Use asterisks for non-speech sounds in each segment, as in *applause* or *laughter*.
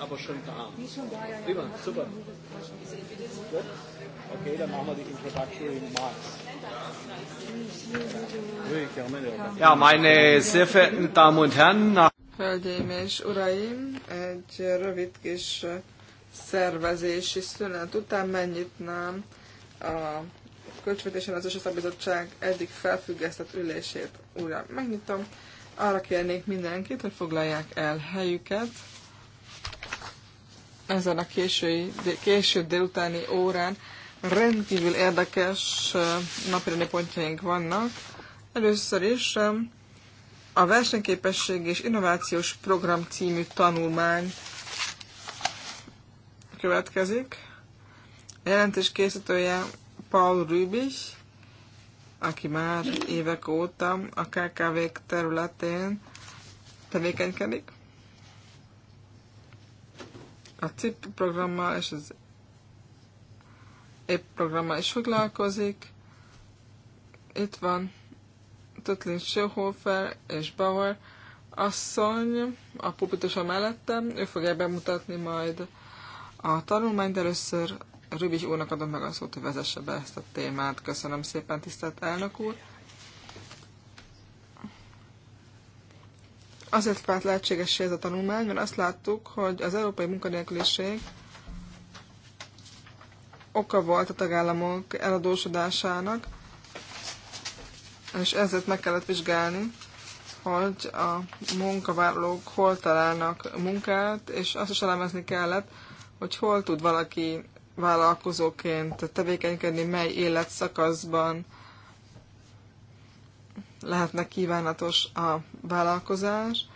aber schon da. Die schon da, ja, ja. super. Gut. Okay, dann machen wir die Introduction in Ja, meine sehr verehrten Damen und Herren. Hölgyeim és Uraim, egy rövid kis szervezési szünet után megnyitnám a az Ellenőrzési Szabizottság eddig felfüggesztett ülését újra megnyitom. Arra kérnék mindenkit, hogy foglalják el helyüket. Ezen a késői, késő délutáni órán rendkívül érdekes napirendi pontjaink vannak. Először is a versenyképesség és innovációs program című tanulmány következik. A jelentés készítője Paul Rübich, aki már évek óta a kkv területén tevékenykedik. A CIP programmal és az épp e programmal is foglalkozik. Itt van Tötlin Schöhofer és Bauer asszony a pupitusa mellettem. Ő fogja bemutatni majd a tanulmányt, először Rübis úrnak adom meg a szót, hogy vezesse be ezt a témát. Köszönöm szépen, tisztelt elnök úr! Azért vált lehetségessé ez a tanulmány, mert azt láttuk, hogy az európai munkanélküliség oka volt a tagállamok eladósodásának, és ezért meg kellett vizsgálni, hogy a munkavállalók hol találnak munkát, és azt is elemezni kellett, hogy hol tud valaki vállalkozóként tevékenykedni, mely életszakaszban lehetne kívánatos a vállalkozás.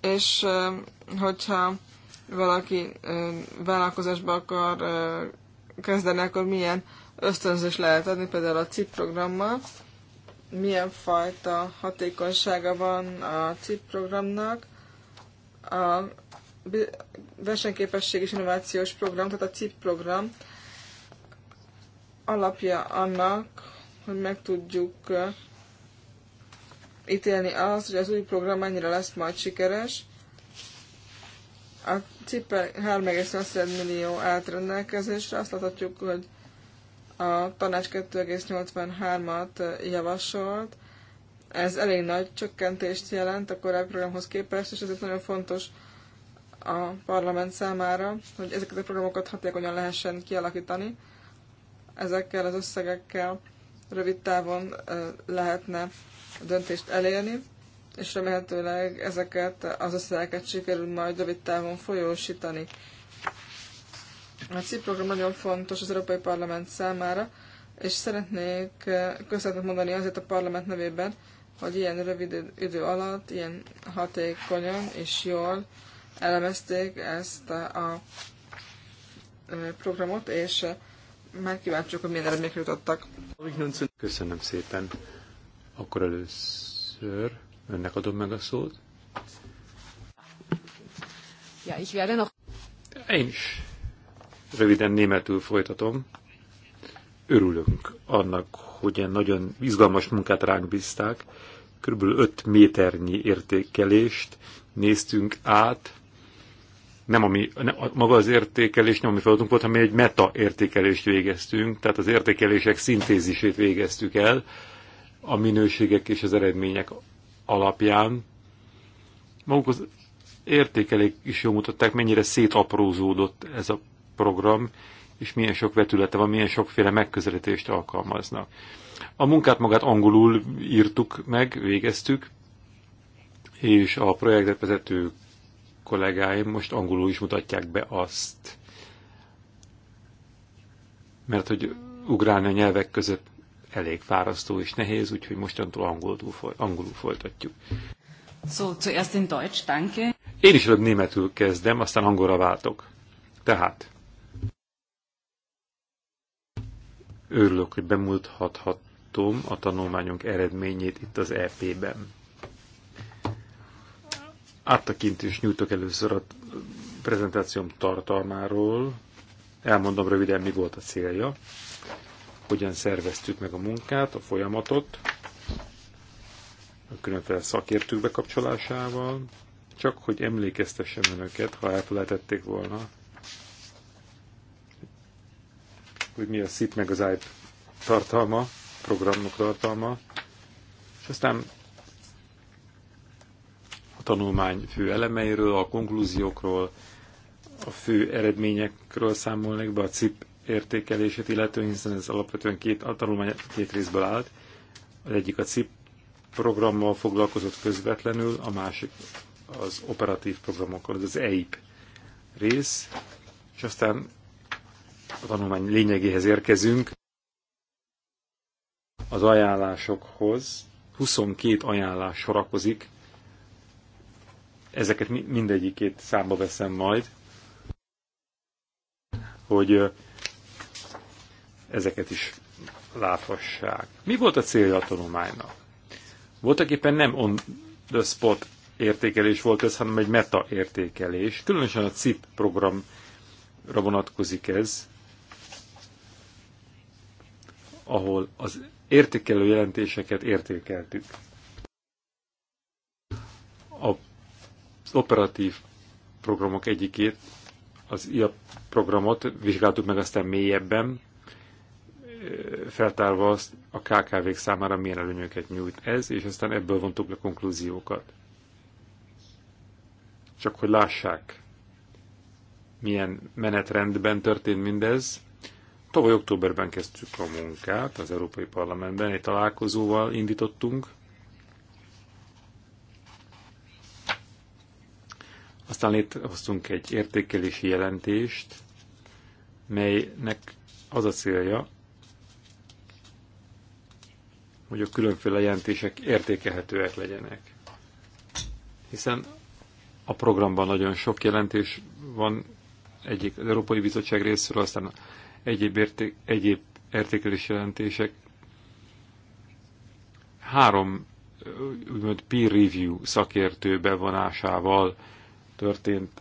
És hogyha valaki vállalkozásba akar kezdeni, akkor milyen ösztönzés lehet adni, például a CIP programmal milyen fajta hatékonysága van a CIP programnak. A versenyképesség és innovációs program, tehát a CIP program alapja annak, hogy meg tudjuk ítélni azt, hogy az új program mennyire lesz majd sikeres. A CIP 3,6 millió állt rendelkezésre, azt láthatjuk, hogy a tanács 2,83-at javasolt. Ez elég nagy csökkentést jelent a korábbi programhoz képest, és ezért nagyon fontos a parlament számára, hogy ezeket a programokat hatékonyan lehessen kialakítani. Ezekkel az összegekkel rövid távon lehetne döntést elérni, és remélhetőleg ezeket az összegeket sikerül majd rövid távon folyósítani. A CIP program nagyon fontos az Európai Parlament számára, és szeretnék eh, köszönetet mondani azért a parlament nevében, hogy ilyen rövid idő alatt, ilyen hatékonyan és jól elemezték ezt a eh, programot, és eh, már kíváncsiak, hogy milyen eredményekre jutottak. Köszönöm szépen. Akkor először önnek adom meg a szót. Ja, ich werde noch... Én is Röviden németül folytatom. Örülünk annak, hogy ilyen nagyon izgalmas munkát ránk bízták. Körülbelül 5 méternyi értékelést néztünk át. Nem ami, nem, maga az értékelés nem ami feladatunk volt, hanem egy meta értékelést végeztünk, tehát az értékelések szintézisét végeztük el a minőségek és az eredmények alapján. Maguk az értékelék is jól mutatták, mennyire szétaprózódott ez a program, és milyen sok vetülete van, milyen sokféle megközelítést alkalmaznak. A munkát magát angolul írtuk meg, végeztük, és a projektet vezető kollégáim most angolul is mutatják be azt, mert hogy ugrálni a nyelvek között elég fárasztó és nehéz, úgyhogy mostantól angolul, angolul folytatjuk. So, zuerst in Deutsch, danke. Én is előbb németül kezdem, aztán angolra váltok. Tehát, Örülök, hogy bemutathattam a tanulmányunk eredményét itt az EP-ben. is nyújtok először a prezentációm tartalmáról. Elmondom röviden, mi volt a célja, hogyan szerveztük meg a munkát, a folyamatot, a különféle szakértők bekapcsolásával, csak hogy emlékeztessem önöket, ha elfelejtették volna, hogy mi a SZIP meg az IP tartalma, programok tartalma, és aztán a tanulmány fő elemeiről, a konklúziókról, a fő eredményekről számolnék be, a CIP értékelését illetően, hiszen ez alapvetően két, a tanulmány két részből állt. Az egyik a CIP programmal foglalkozott közvetlenül, a másik az operatív programokkal, az EIP rész, és aztán a tanulmány lényegéhez érkezünk, az ajánlásokhoz. 22 ajánlás sorakozik, ezeket mindegyikét számba veszem majd, hogy ezeket is láthassák. Mi volt a célja a tanulmánynak? Voltak éppen nem on the spot értékelés volt ez, hanem egy meta értékelés. Különösen a CIP programra vonatkozik ez, ahol az értékelő jelentéseket értékeltük. Az operatív programok egyikét, az IA programot vizsgáltuk meg aztán mélyebben, feltárva azt a KKV-k számára milyen előnyöket nyújt ez, és aztán ebből vontuk le konklúziókat. Csak hogy lássák, milyen menetrendben történt mindez, Tavaly októberben kezdtük a munkát az Európai Parlamentben, egy találkozóval indítottunk. Aztán létrehoztunk egy értékelési jelentést, melynek az a célja, hogy a különféle jelentések értékelhetőek legyenek. Hiszen a programban nagyon sok jelentés van, egyik az Európai Bizottság részéről, aztán egyéb, érték, egyéb értékelés jelentések. Három úgymond peer review szakértő bevonásával történt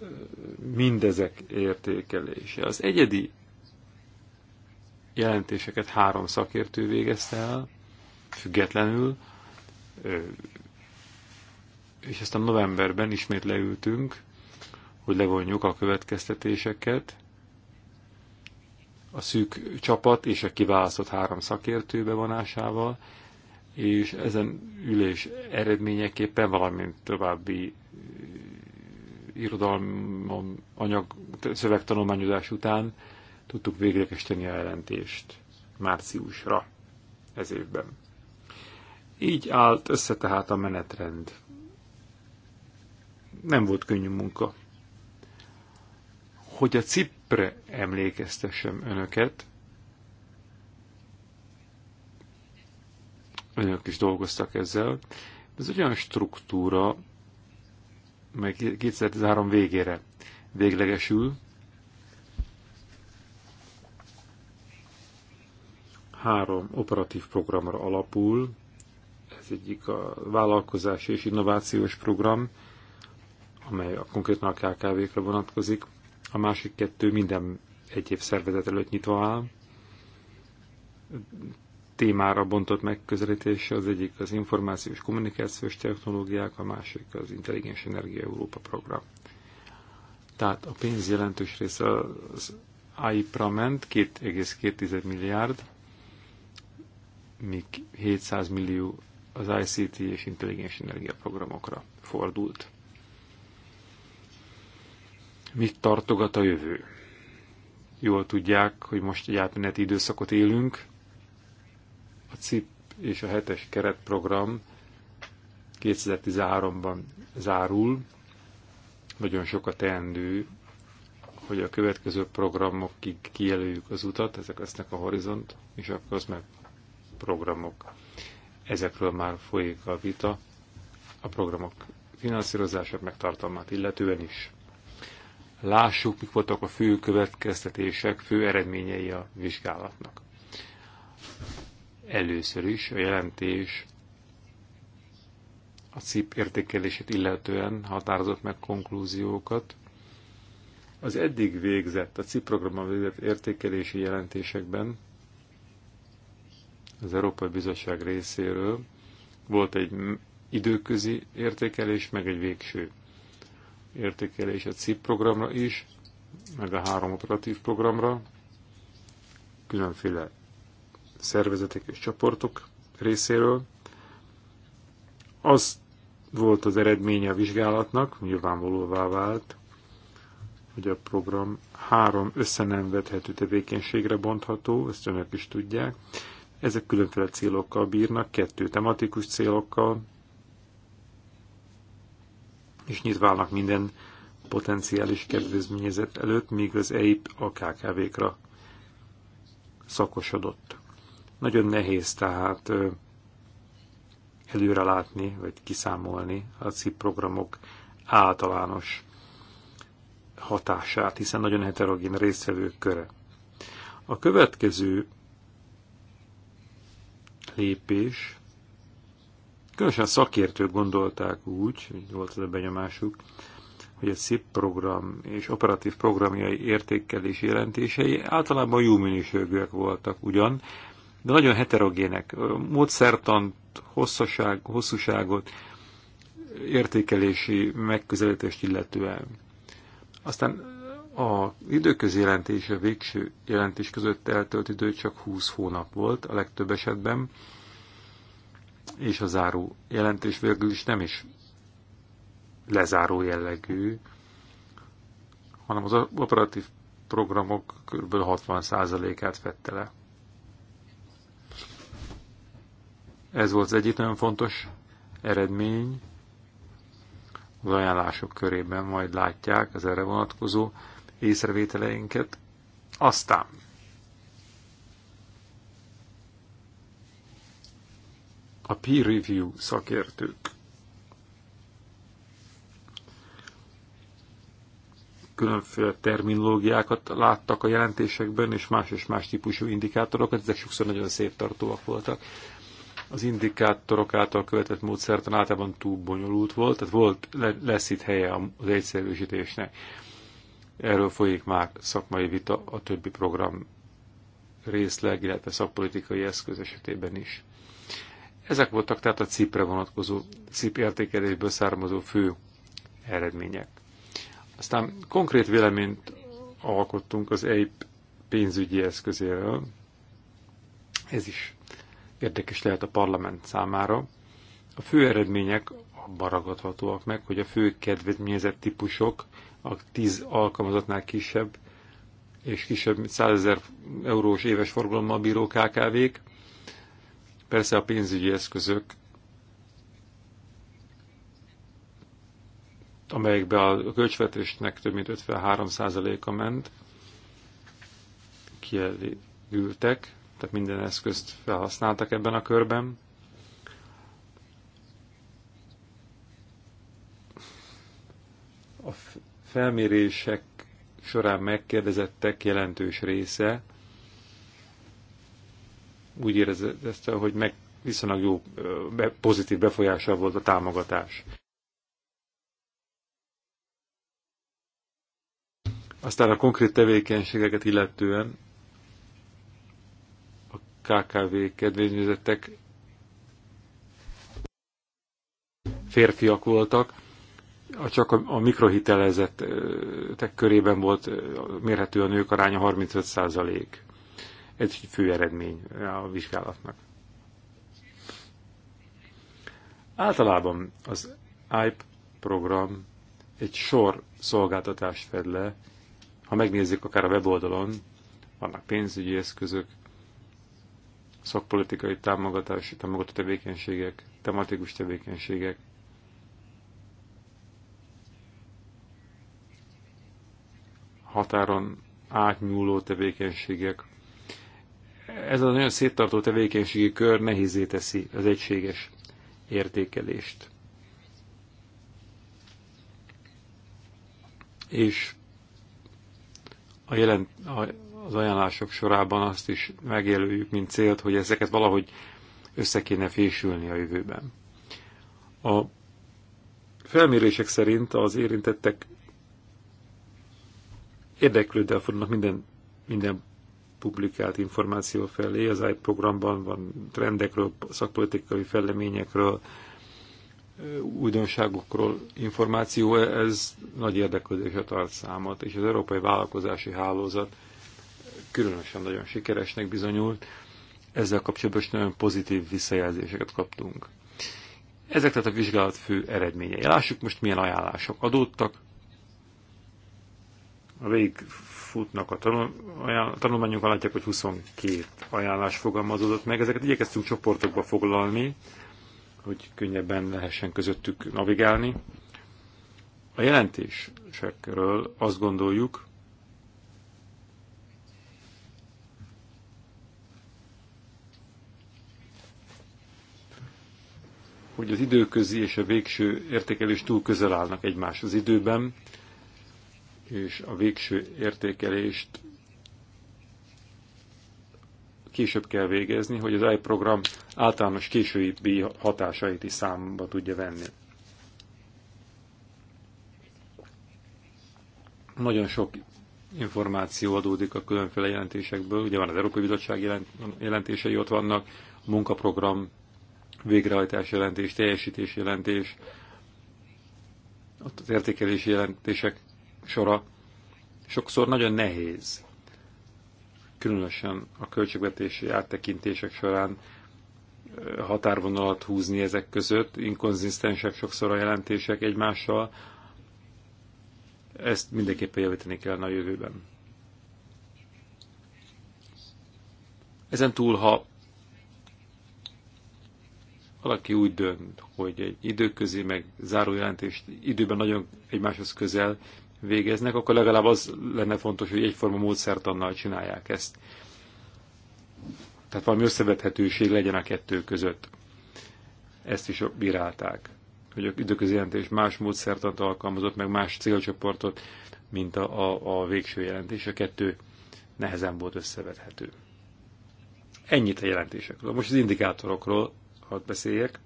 mindezek értékelése. Az egyedi jelentéseket három szakértő végezte el, függetlenül, és aztán novemberben ismét leültünk, hogy levonjuk a következtetéseket, a szűk csapat és a kiválasztott három szakértő bevonásával, és ezen ülés eredményeképpen, valamint további irodalom, anyag, szövegtanulmányozás után tudtuk végrekesteni a jelentést márciusra ez évben. Így állt össze tehát a menetrend. Nem volt könnyű munka. Hogy a CIP pre emlékeztessem önöket. Önök is dolgoztak ezzel. Ez egy olyan struktúra, mely 2013 végére véglegesül. Három operatív programra alapul. Ez egyik a vállalkozás és innovációs program, amely a konkrétan a kkv kre vonatkozik a másik kettő minden egyéb szervezet előtt nyitva áll. Témára bontott megközelítés az egyik az információs kommunikációs technológiák, a másik az Intelligens Energia Európa program. Tehát a pénz jelentős része az AIPRA ment, 2,2 milliárd, míg 700 millió az ICT és intelligens energia programokra fordult mit tartogat a jövő. Jól tudják, hogy most egy átmeneti időszakot élünk. A CIP és a hetes keretprogram 2013-ban zárul. Nagyon sok a teendő, hogy a következő programokig kijelöljük az utat, ezek lesznek a horizont, és akkor az meg programok. Ezekről már folyik a vita, a programok finanszírozását, meg tartalmát illetően is lássuk, mik voltak a fő következtetések, fő eredményei a vizsgálatnak. Először is a jelentés a CIP értékelését illetően határozott meg konklúziókat. Az eddig végzett, a CIP programban végzett értékelési jelentésekben az Európai Bizottság részéről volt egy időközi értékelés, meg egy végső értékelés a CIP programra is, meg a három operatív programra, különféle szervezetek és csoportok részéről. Az volt az eredménye a vizsgálatnak, nyilvánvalóvá vált, hogy a program három összenemvethető tevékenységre bontható, ezt önök is tudják. Ezek különféle célokkal bírnak, kettő tematikus célokkal, és nyitva állnak minden potenciális kedvezményezet előtt, míg az EIP a KKV-kra szakosodott. Nagyon nehéz tehát előrelátni, vagy kiszámolni a CIP programok általános hatását, hiszen nagyon heterogén résztvevők köre. A következő lépés Különösen szakértők gondolták úgy, hogy volt az a benyomásuk, hogy a SIP program és operatív programjai értékelés jelentései általában jó minőségűek voltak ugyan, de nagyon heterogének. Módszertant, hosszaság, hosszúságot, értékelési megközelítést illetően. Aztán a időközi jelentés, a végső jelentés között eltölt idő csak 20 hónap volt a legtöbb esetben, és a záró jelentés végül is nem is lezáró jellegű, hanem az operatív programok kb. 60%-át vette le. Ez volt az egyik nagyon fontos eredmény. Az ajánlások körében majd látják az erre vonatkozó észrevételeinket. Aztán a peer review szakértők. Különféle terminológiákat láttak a jelentésekben, és más és más típusú indikátorokat, ezek sokszor nagyon széttartóak voltak. Az indikátorok által követett módszertan általában túl bonyolult volt, tehát volt, lesz itt helye az egyszerűsítésnek. Erről folyik már szakmai vita a többi program részleg, illetve szakpolitikai eszköz esetében is. Ezek voltak tehát a CIP-re vonatkozó, CIP értékelésből származó fő eredmények. Aztán konkrét véleményt alkottunk az EIP pénzügyi eszközéről. Ez is érdekes lehet a parlament számára. A fő eredmények abban ragadhatóak meg, hogy a fő kedvezményezett típusok a 10 alkalmazatnál kisebb és kisebb, mint 100 ezer eurós éves forgalommal bíró KKV-k, Persze a pénzügyi eszközök, amelyekbe a költségvetésnek több mint 53%-a ment, kielégültek, tehát minden eszközt felhasználtak ebben a körben. A felmérések során megkérdezettek jelentős része úgy érezte, hogy meg viszonylag jó pozitív befolyással volt a támogatás. Aztán a konkrét tevékenységeket illetően a KKV kedvényezettek férfiak voltak, csak a, a mikrohitelezettek körében volt mérhető a nők aránya 35 százalék. Ez egy fő eredmény a vizsgálatnak. Általában az IPE program egy sor szolgáltatást fed le, ha megnézzük akár a weboldalon, vannak pénzügyi eszközök, szakpolitikai támogatási, támogató tevékenységek, tematikus tevékenységek, határon átnyúló tevékenységek, ez az olyan széttartó tevékenységi kör nehézé teszi az egységes értékelést. És a jelent, a, az ajánlások sorában azt is megjelöljük, mint célt, hogy ezeket valahogy össze kéne fésülni a jövőben. A felmérések szerint az érintettek érdeklődve fognak minden, minden publikált információ felé. Az AI e programban van trendekről, szakpolitikai felleményekről, újdonságokról információ, ez nagy érdeklődésre tart számot, és az európai vállalkozási hálózat különösen nagyon sikeresnek bizonyult, ezzel kapcsolatban is nagyon pozitív visszajelzéseket kaptunk. Ezek tehát a vizsgálat fő eredményei. Lássuk most milyen ajánlások adódtak. A végig futnak. A, tanul, a tanulmányunk látják, hogy 22 ajánlás fogalmazódott meg. Ezeket igyekeztünk csoportokba foglalni, hogy könnyebben lehessen közöttük navigálni. A jelentésekről azt gondoljuk, hogy az időközi és a végső értékelés túl közel állnak egymáshoz időben, és a végső értékelést később kell végezni, hogy az iProgram általános későbbi hatásait is számba tudja venni. Nagyon sok információ adódik a különféle jelentésekből. Ugye van az Európai Bizottság jelentései, ott vannak a munkaprogram, végrehajtás jelentés, teljesítés jelentés, ott az értékelési jelentések sora sokszor nagyon nehéz, különösen a költségvetési áttekintések során határvonalat húzni ezek között, inkonzisztensek sokszor a jelentések egymással, ezt mindenképpen javítani kell a jövőben. Ezen túl, ha valaki úgy dönt, hogy egy időközi meg jelentést időben nagyon egymáshoz közel végeznek, akkor legalább az lenne fontos, hogy egyforma módszertannal csinálják ezt. Tehát valami összevethetőség legyen a kettő között. Ezt is bírálták, hogy a időközi jelentés más módszertant alkalmazott, meg más célcsoportot, mint a, a, a végső jelentés. A kettő nehezen volt összevethető. Ennyit a jelentésekről. Most az indikátorokról hadd beszéljek.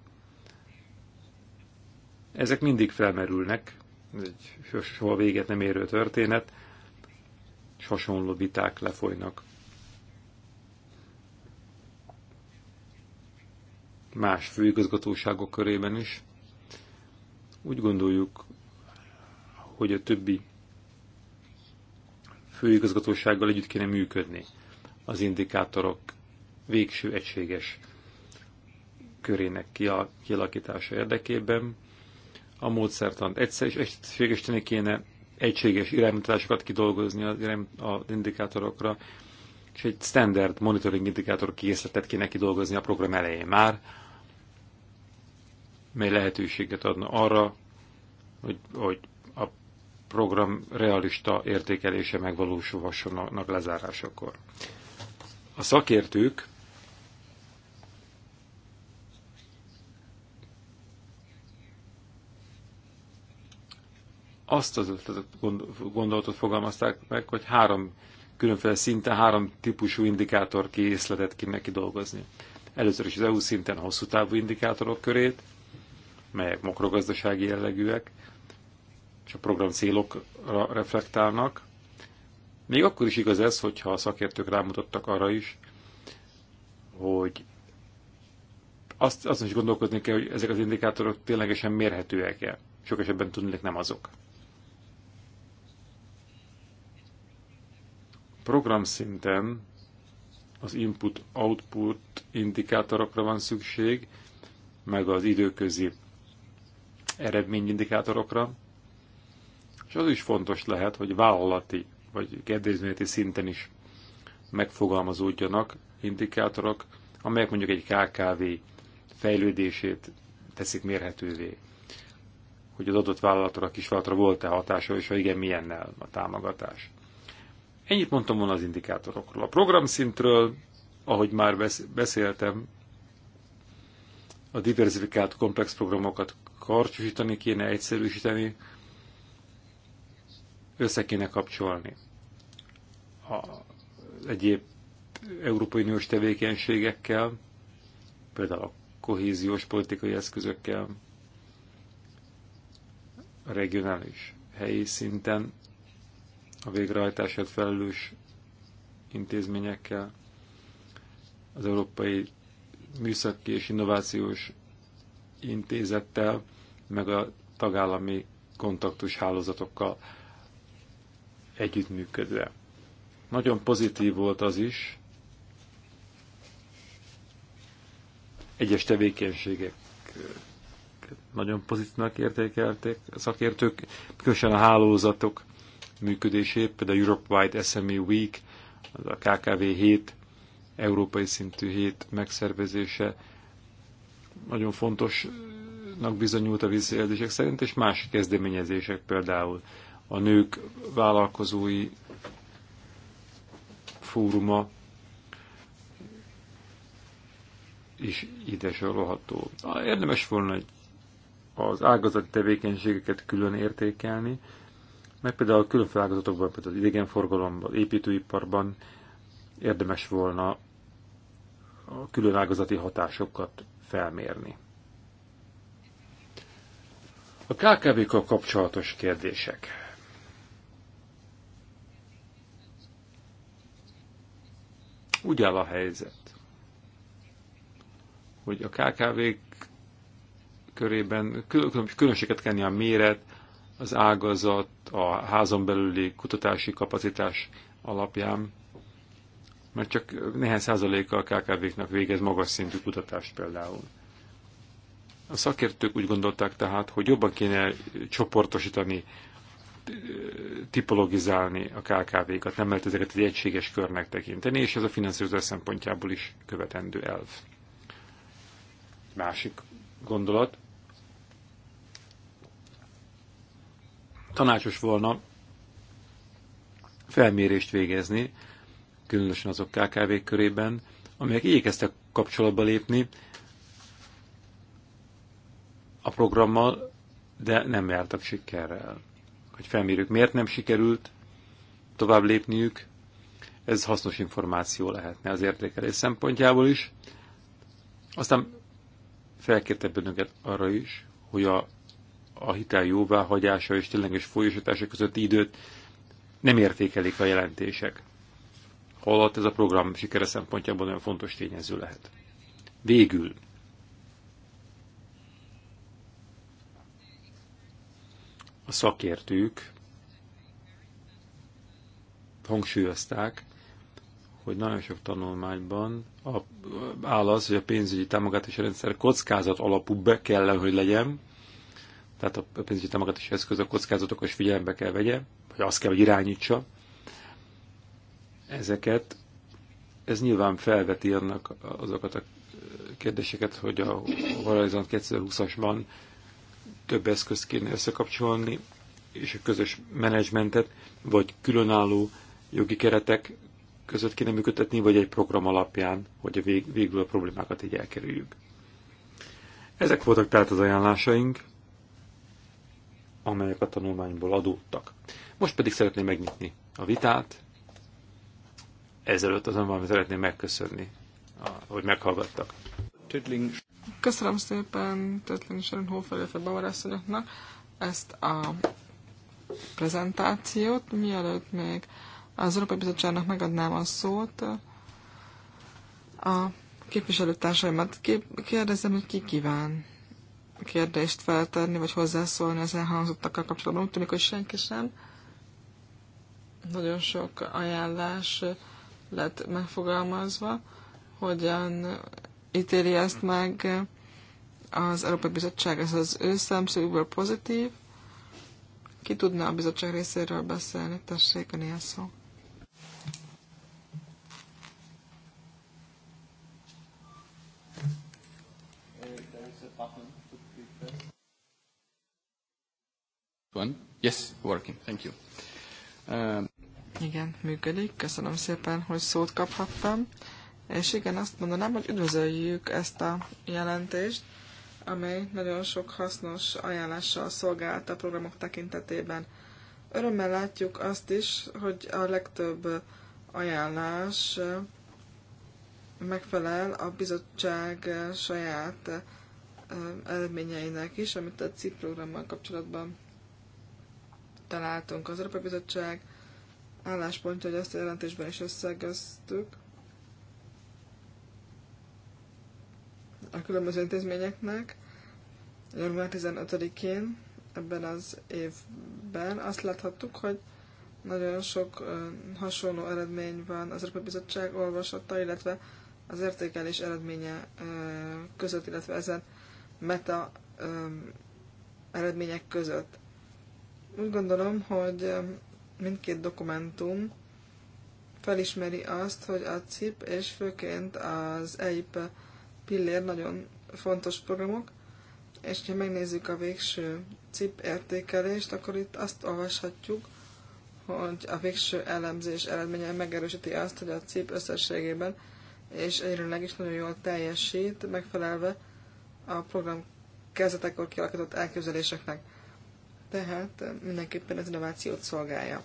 Ezek mindig felmerülnek, ez egy soha véget nem érő történet, és hasonló viták lefolynak. Más főigazgatóságok körében is. Úgy gondoljuk, hogy a többi főigazgatósággal együtt kéne működni az indikátorok végső egységes körének kialakítása érdekében, a módszertant. Egyszer és egységesíteni kéne egységes irányításokat kidolgozni az, irány, az indikátorokra, és egy standard monitoring indikátor készletet kéne kidolgozni a program elején már, mely lehetőséget adna arra, hogy, hogy a program realista értékelése megvalósulhassanak lezárásakor. A szakértők azt az gondolatot fogalmazták meg, hogy három különféle szinten három típusú indikátor készletet neki dolgozni. Először is az EU szinten hosszú távú indikátorok körét, melyek makrogazdasági jellegűek, és a program célokra reflektálnak. Még akkor is igaz ez, hogyha a szakértők rámutattak arra is, hogy azt, azt is gondolkozni kell, hogy ezek az indikátorok ténylegesen mérhetőek-e. Sok esetben tudnék nem azok. Programszinten az input-output indikátorokra van szükség, meg az időközi eredményindikátorokra, és az is fontos lehet, hogy vállalati vagy kedvezményeti szinten is megfogalmazódjanak indikátorok, amelyek mondjuk egy KKV fejlődését teszik mérhetővé. Hogy az adott vállalatra, a kisvállalatra volt-e hatása, és ha igen, milyennel a támogatás. Ennyit mondtam volna az indikátorokról. A programszintről, ahogy már beszéltem, a diversifikált komplex programokat karcsúsítani kéne, egyszerűsíteni, össze kéne kapcsolni az egyéb Európai Uniós tevékenységekkel, például a kohéziós politikai eszközökkel, a regionális helyi szinten a végrehajtásért felelős intézményekkel, az Európai Műszaki és Innovációs Intézettel, meg a tagállami kontaktus hálózatokkal együttműködve. Nagyon pozitív volt az is, egyes tevékenységek nagyon pozitívnak értékelték a szakértők, különösen a hálózatok működését, például Europe Wide SME Week, az a KKV 7, európai szintű hét megszervezése nagyon fontosnak bizonyult a visszajelzések szerint, és más kezdeményezések például a nők vállalkozói fóruma is ide sorolható. Érdemes volna az ágazati tevékenységeket külön értékelni, meg például a különféle ágazatokban, például az idegenforgalomban, építőiparban érdemes volna a külön ágazati hatásokat felmérni. A KKV-kkal kapcsolatos kérdések. Úgy áll a helyzet, hogy a KKV-k körében különbséget kell a méret, az ágazat, a házon belüli kutatási kapacitás alapján, mert csak néhány százaléka a KKV-knak végez magas szintű kutatást például. A szakértők úgy gondolták tehát, hogy jobban kéne csoportosítani, tipologizálni a KKV-kat, nem lehet ezeket egy egységes körnek tekinteni, és ez a finanszírozás szempontjából is követendő elv. Másik gondolat, tanácsos volna felmérést végezni, különösen azok kkv körében, amelyek igyekeztek kapcsolatba lépni a programmal, de nem jártak sikerrel. Hogy felmérjük, miért nem sikerült tovább lépniük, ez hasznos információ lehetne az értékelés szempontjából is. Aztán felkérte bennünket arra is, hogy a a hitel jóváhagyása és tényleges folyosítása közötti időt nem értékelik a jelentések. Holott ez a program sikere szempontjából nagyon fontos tényező lehet. Végül. A szakértők hangsúlyozták, hogy nagyon sok tanulmányban a, áll az, hogy a pénzügyi támogatási rendszer kockázat alapú be kell, hogy legyen, tehát a pénzügyi támogatási eszköz a kockázatokat figyelembe kell vegye, vagy azt kell, hogy irányítsa ezeket. Ez nyilván felveti annak azokat a kérdéseket, hogy a Horizon 2020-asban több eszközt kéne összekapcsolni, és a közös menedzsmentet, vagy különálló jogi keretek között kéne működtetni, vagy egy program alapján, hogy a vég, végül a problémákat így elkerüljük. Ezek voltak tehát az ajánlásaink amelyek a tanulmányból adódtak. Most pedig szeretném megnyitni a vitát. Ezelőtt azonban szeretném megköszönni, hogy meghallgattak. Köszönöm szépen Tötling Sharon Hofer, illetve Bauer ezt a prezentációt. Mielőtt még az Európai Bizottságnak megadnám a szót, a képviselőtársaimat kérdezem, hogy ki kíván kérdést feltenni, vagy hozzászólni az elhangzottakkal kapcsolatban. Úgy tűnik, hogy senki sem. Nagyon sok ajánlás lett megfogalmazva, hogyan ítéli ezt meg az Európai Bizottság, ez az ő szemszögből pozitív. Ki tudna a bizottság részéről beszélni? Tessék, a szó. Van? Yes, working. Thank you. Um... Igen, működik. Köszönöm szépen, hogy szót kaphattam. És igen, azt mondanám, hogy üdvözöljük ezt a jelentést, amely nagyon sok hasznos ajánlással szolgált a programok tekintetében. Örömmel látjuk azt is, hogy a legtöbb ajánlás megfelel a bizottság saját eredményeinek is, amit a CIP programmal kapcsolatban találtunk. Az Európai Bizottság álláspontja, hogy ezt a jelentésben is összegeztük. A különböző intézményeknek január 15-én ebben az évben azt láthattuk, hogy nagyon sok hasonló eredmény van az Európai Bizottság olvasata, illetve az értékelés eredménye között, illetve ezen meta eredmények között. Úgy gondolom, hogy mindkét dokumentum felismeri azt, hogy a CIP és főként az EIP pillér nagyon fontos programok, és ha megnézzük a végső CIP értékelést, akkor itt azt olvashatjuk, hogy a végső elemzés eredménye megerősíti azt, hogy a CIP összességében és egyrenleg is nagyon jól teljesít, megfelelve a program kezdetekor kialakított elképzeléseknek tehát mindenképpen az innovációt szolgálja.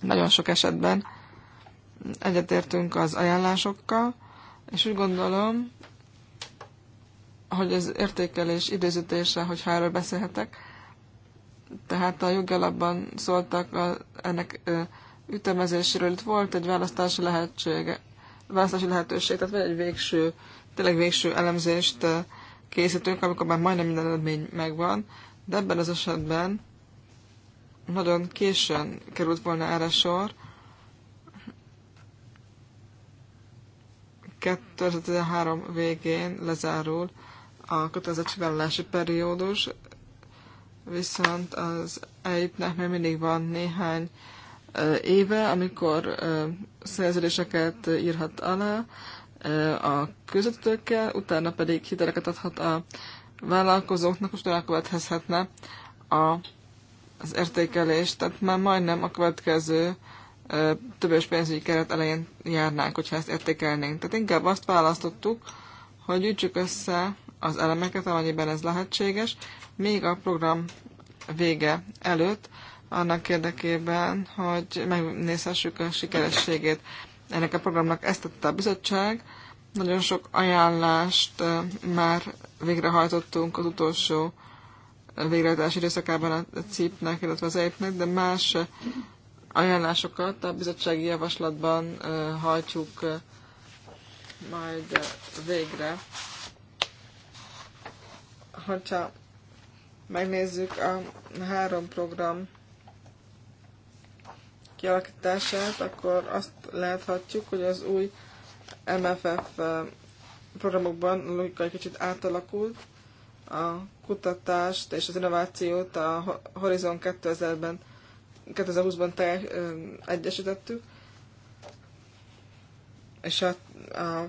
Nagyon sok esetben egyetértünk az ajánlásokkal, és úgy gondolom, hogy az értékelés időzítése, hogyha erről beszélhetek, tehát a jogalapban szóltak a, ennek ö, ütemezéséről, itt volt egy választási lehetsége, választási lehetőség, tehát vagy egy végső, tényleg végső elemzést készítünk, amikor már majdnem minden eredmény megvan, de ebben az esetben nagyon későn került volna erre sor. 2013 végén lezárul a kötelezettségvállalási periódus, viszont az EIP-nek még mindig van néhány éve, amikor szerződéseket írhat alá, a közöttőkkel utána pedig hiteleket adhat a vállalkozóknak, most elkövethezhetne a, az értékelést, tehát már majdnem a következő többes pénzügyi keret elején járnánk, hogyha ezt értékelnénk. Tehát inkább azt választottuk, hogy gyűjtsük össze az elemeket, amennyiben ez lehetséges, még a program vége előtt, annak érdekében, hogy megnézhessük a sikerességét ennek a programnak ezt tette a bizottság. Nagyon sok ajánlást már végrehajtottunk az utolsó végrehajtási időszakában a CIP-nek, illetve az EIP-nek, de más ajánlásokat a bizottsági javaslatban hajtjuk majd végre. Ha megnézzük a három program kialakítását, akkor azt láthatjuk, hogy az új MFF eh, programokban logika egy kicsit átalakult. A kutatást és az innovációt a Horizon 2000-ben, 2020-ban teljes, egyesítettük, és a, a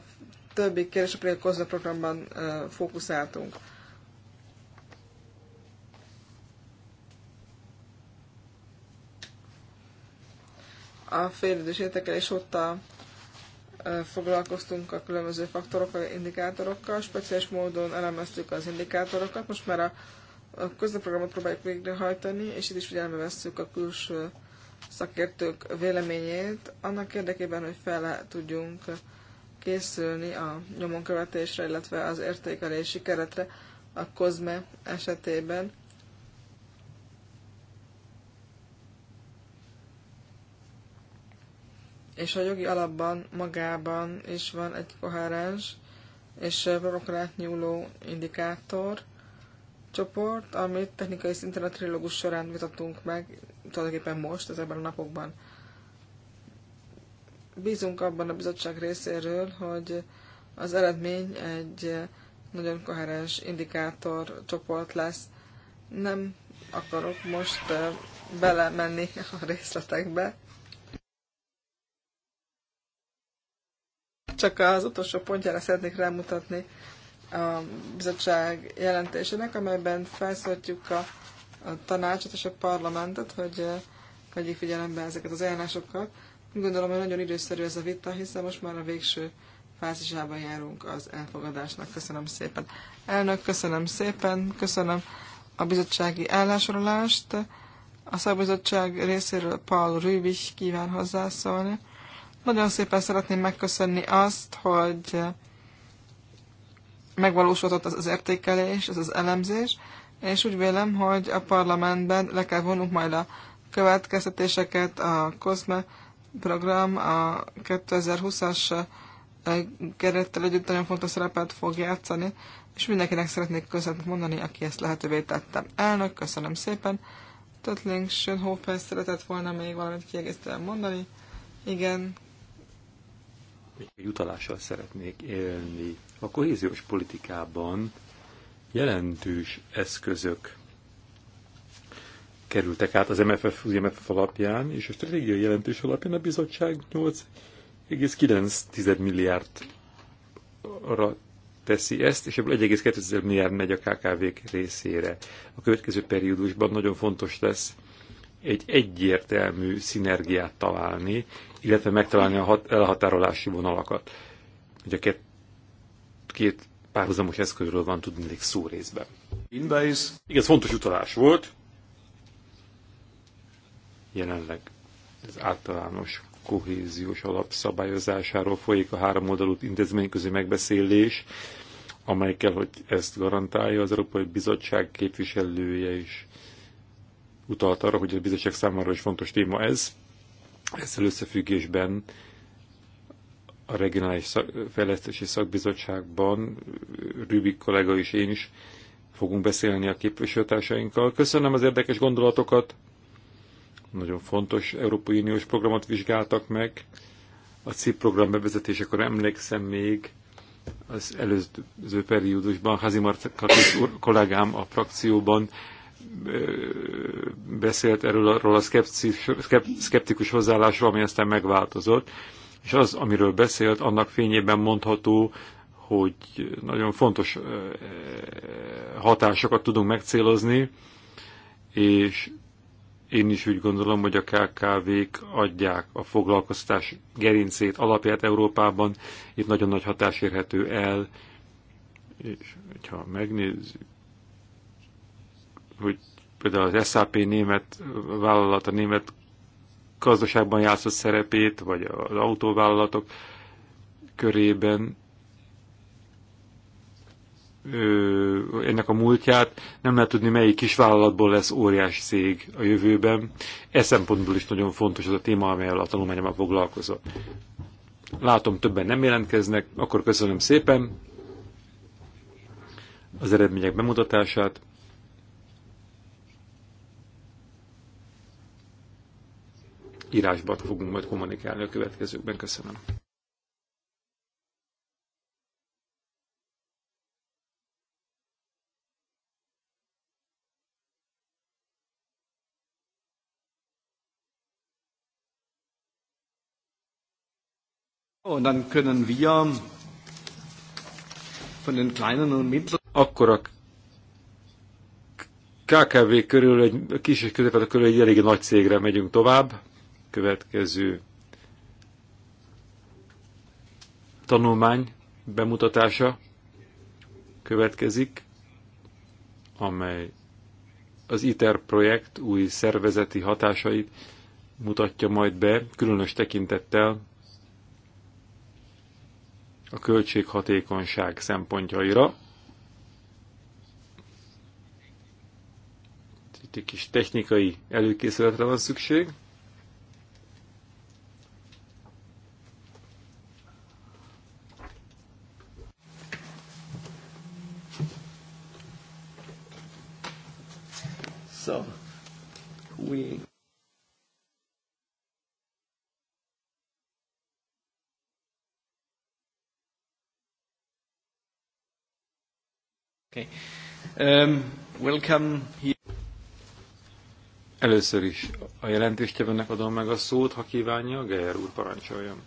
többi kérdésre a programban eh, fókuszáltunk. a félidős a, óta foglalkoztunk a különböző faktorokkal, indikátorokkal, speciális módon elemeztük az indikátorokat, most már a közleprogramot próbáljuk végrehajtani, és itt is figyelme vesszük a külső szakértők véleményét, annak érdekében, hogy fel tudjunk készülni a nyomonkövetésre, illetve az értékelési keretre a COSME esetében, és a jogi alapban magában is van egy koherens és programokon nyúló indikátor csoport, amit technikai szinten a trilógus során vitatunk meg, tulajdonképpen most, ezekben a napokban. Bízunk abban a bizottság részéről, hogy az eredmény egy nagyon koherens indikátor csoport lesz. Nem akarok most eh, belemenni a részletekbe, Csak az utolsó pontjára szeretnék rámutatni a bizottság jelentésének, amelyben felszólítjuk a, a tanácsot és a parlamentet, hogy eh, vegyék figyelembe ezeket az ajánlásokat. Gondolom, hogy nagyon időszerű ez a vita, hiszen most már a végső fázisában járunk az elfogadásnak. Köszönöm szépen. Elnök, köszönöm szépen, köszönöm a bizottsági állásorolást. A szakbizottság részéről Paul Rübich kíván hozzászólni. Nagyon szépen szeretném megköszönni azt, hogy megvalósulhatott az, az értékelés, az az elemzés, és úgy vélem, hogy a parlamentben le kell vonnunk majd a következtetéseket, a COSME program a 2020-as kerettel együtt nagyon fontos szerepet fog játszani, és mindenkinek szeretnék köszönet mondani, aki ezt lehetővé tette. Elnök, köszönöm szépen. Tötling Schönhofer szeretett volna még valamit kiegészítően mondani. Igen, egy utalással szeretnék élni. A kohéziós politikában jelentős eszközök kerültek át az MFF, az MFF alapján, és a stratégiai jelentős alapján a bizottság 8,9 milliárdra teszi ezt, és ebből 1,2 milliárd megy a KKV-k részére. A következő periódusban nagyon fontos lesz egy egyértelmű szinergiát találni illetve megtalálni a hat, elhatárolási vonalakat. Ugye két, két párhuzamos eszközről van tudni még szó részben. Igen, fontos utalás volt. Jelenleg ez általános kohéziós alapszabályozásáról folyik a három oldalú intézményközi megbeszélés, amely kell, hogy ezt garantálja az Európai Bizottság képviselője is utalt arra, hogy a bizottság számára is fontos téma ez. Ezzel összefüggésben a Regionális Szak Fejlesztési Szakbizottságban Rübik kollega és én is fogunk beszélni a képviselőtársainkkal. Köszönöm az érdekes gondolatokat. Nagyon fontos Európai Uniós programot vizsgáltak meg. A CIP program bevezetésekor emlékszem még az előző periódusban Hazimar Kakis kollégám a frakcióban beszélt erről arról a szkeptikus hozzáállásról, ami aztán megváltozott, és az, amiről beszélt, annak fényében mondható, hogy nagyon fontos hatásokat tudunk megcélozni, és én is úgy gondolom, hogy a KKV-k adják a foglalkoztatás gerincét, alapját Európában. Itt nagyon nagy hatás érhető el, és ha megnézzük, hogy például az SAP német vállalat a német gazdaságban játszott szerepét, vagy az autóvállalatok körében ö, ennek a múltját, nem lehet tudni, melyik kis vállalatból lesz óriás szég a jövőben. E szempontból is nagyon fontos az a téma, amelyel a tanulmányomban foglalkozott. Látom, többen nem jelentkeznek, akkor köszönöm szépen az eredmények bemutatását. írásban fogunk majd kommunikálni a következőkben. Köszönöm. Und dann können wir von den kleinen und mittleren. Akkor a KKV körül, egy kis és közepet körül egy elég nagy cégre megyünk tovább következő tanulmány bemutatása következik, amely az ITER projekt új szervezeti hatásait mutatja majd be, különös tekintettel a költséghatékonyság szempontjaira. Itt egy kis technikai előkészületre van szükség. we Okay. Um, welcome here. Először is a jelentéstevőnek adom meg a szót, ha kívánja, Geyer úr parancsoljon.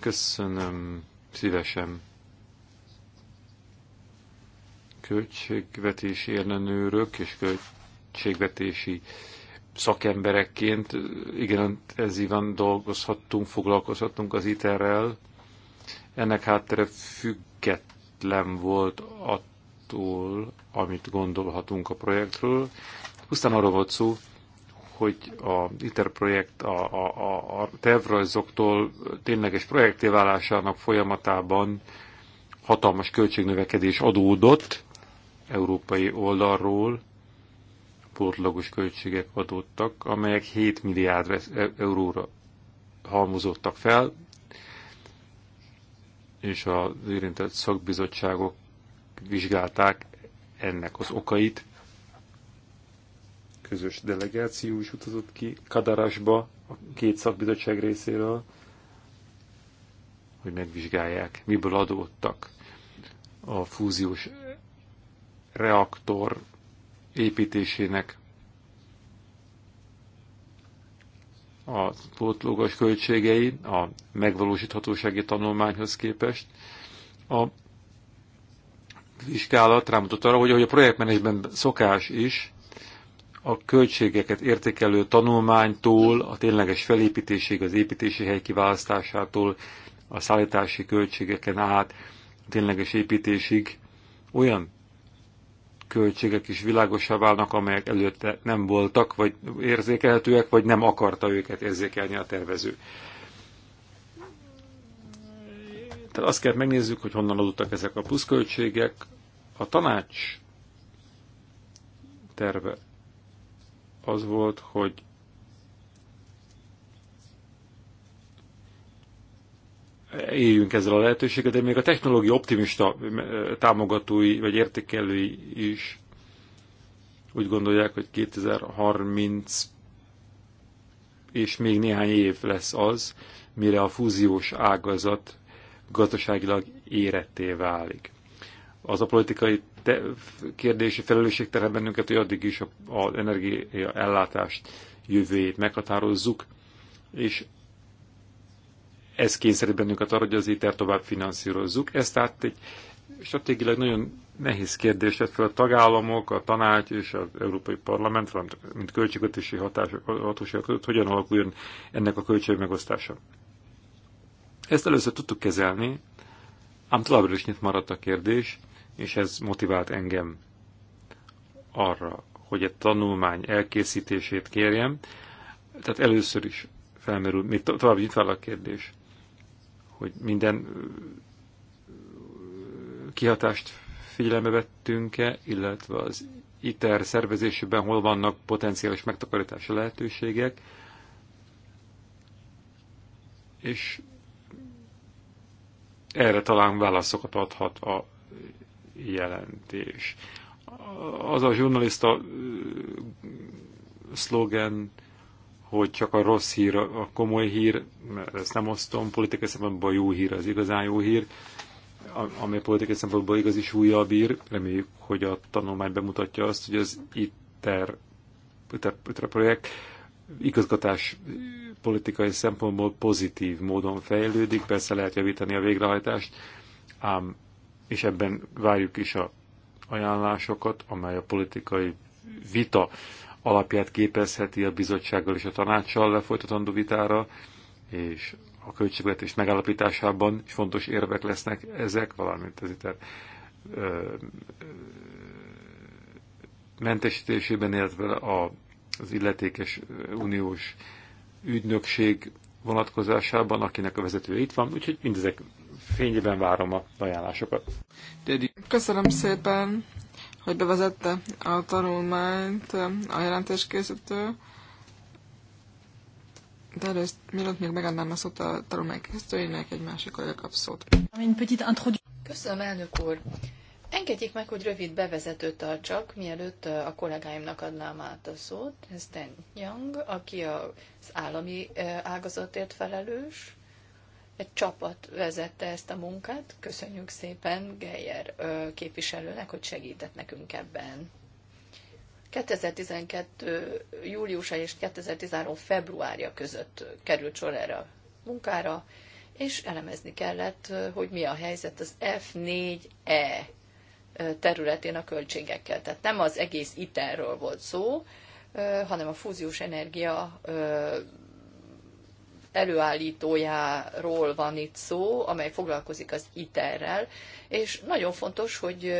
Köszönöm szívesen. Költségvetési ellenőrök és költségvetési költségvetési szakemberekként igen ez van dolgozhattunk, foglalkozhattunk az ITER-rel. Ennek háttere független volt attól, amit gondolhatunk a projektről. Pusztán arról volt szó, hogy a ITER projekt a, a, a tervrajzoktól tényleges projekté válásának folyamatában hatalmas költségnövekedés adódott európai oldalról, pótlagos költségek adódtak, amelyek 7 milliárd e- euróra halmozódtak fel, és az érintett szakbizottságok vizsgálták ennek az okait. Közös delegáció is utazott ki Kadarásba a két szakbizottság részéről, hogy megvizsgálják, miből adódtak a fúziós reaktor építésének a pótlógas költségei a megvalósíthatósági tanulmányhoz képest. A vizsgálat rámutat arra, hogy ahogy a projektmenésben szokás is, a költségeket értékelő tanulmánytól, a tényleges felépítésig, az építési hely kiválasztásától, a szállítási költségeken át, a tényleges építésig olyan költségek is világosá válnak, amelyek előtte nem voltak, vagy érzékelhetőek, vagy nem akarta őket érzékelni a tervező. Tehát azt kell megnézzük, hogy honnan adottak ezek a pluszköltségek. A tanács terve az volt, hogy éljünk ezzel a lehetőséggel, de még a technológia optimista eh, támogatói vagy értékelői is úgy gondolják, hogy 2030 és még néhány év lesz az, mire a fúziós ágazat gazdaságilag éretté válik. Az a politikai te- kérdési felelősség terhel bennünket, hogy addig is az energiaellátást jövőjét meghatározzuk, és ez kényszerít bennünket arra, hogy az ITER tovább finanszírozzuk. Ez tehát egy stratégileg nagyon nehéz kérdés lett fel a tagállamok, a tanács és az Európai Parlament, valamint mint költségvetési hatások, hatóságok között, hogyan alakuljon ennek a költség megosztása. Ezt először tudtuk kezelni, ám továbbra is nyit maradt a kérdés, és ez motivált engem arra, hogy egy tanulmány elkészítését kérjem. Tehát először is felmerül, még to tovább nyitva a kérdés, hogy minden kihatást figyelembe vettünk-e, illetve az ITER szervezésében hol vannak potenciális megtakarítási lehetőségek, és erre talán válaszokat adhat a jelentés. Az a journalista szlogen, hogy csak a rossz hír, a komoly hír, mert ezt nem osztom, politikai szempontból a jó hír az igazán jó hír, ami politikai szempontból igazi súlya bír. Reméljük, hogy a tanulmány bemutatja azt, hogy az ITER, ITER, ITER projekt igazgatás politikai szempontból pozitív módon fejlődik, persze lehet javítani a végrehajtást, ám és ebben várjuk is a ajánlásokat, amely a politikai vita alapját képezheti a bizottsággal és a tanácssal lefolytatandó vitára, és a költségvetés megállapításában is fontos érvek lesznek ezek, valamint az itt mentesítésében, illetve a, az illetékes uniós ügynökség vonatkozásában, akinek a vezetője itt van, úgyhogy mindezek fényében várom a ajánlásokat. Köszönöm szépen hogy bevezette a tanulmányt a jelentéskészítő, de először, mielőtt még megadnám a szót a tanulmány egy másik kollega kap szót. Köszönöm, elnök úr! Engedjék meg, hogy rövid bevezetőt tartsak, mielőtt uh, a kollégáimnak adnám át a szót. Ez Dan Young, aki az állami uh, ágazatért felelős, egy csapat vezette ezt a munkát. Köszönjük szépen Geyer képviselőnek, hogy segített nekünk ebben. 2012. júliusa és 2013. februárja között került sor erre a munkára, és elemezni kellett, hogy mi a helyzet az F4E területén a költségekkel. Tehát nem az egész ITER-ről volt szó, hanem a fúziós energia előállítójáról van itt szó, amely foglalkozik az ITER-rel, és nagyon fontos, hogy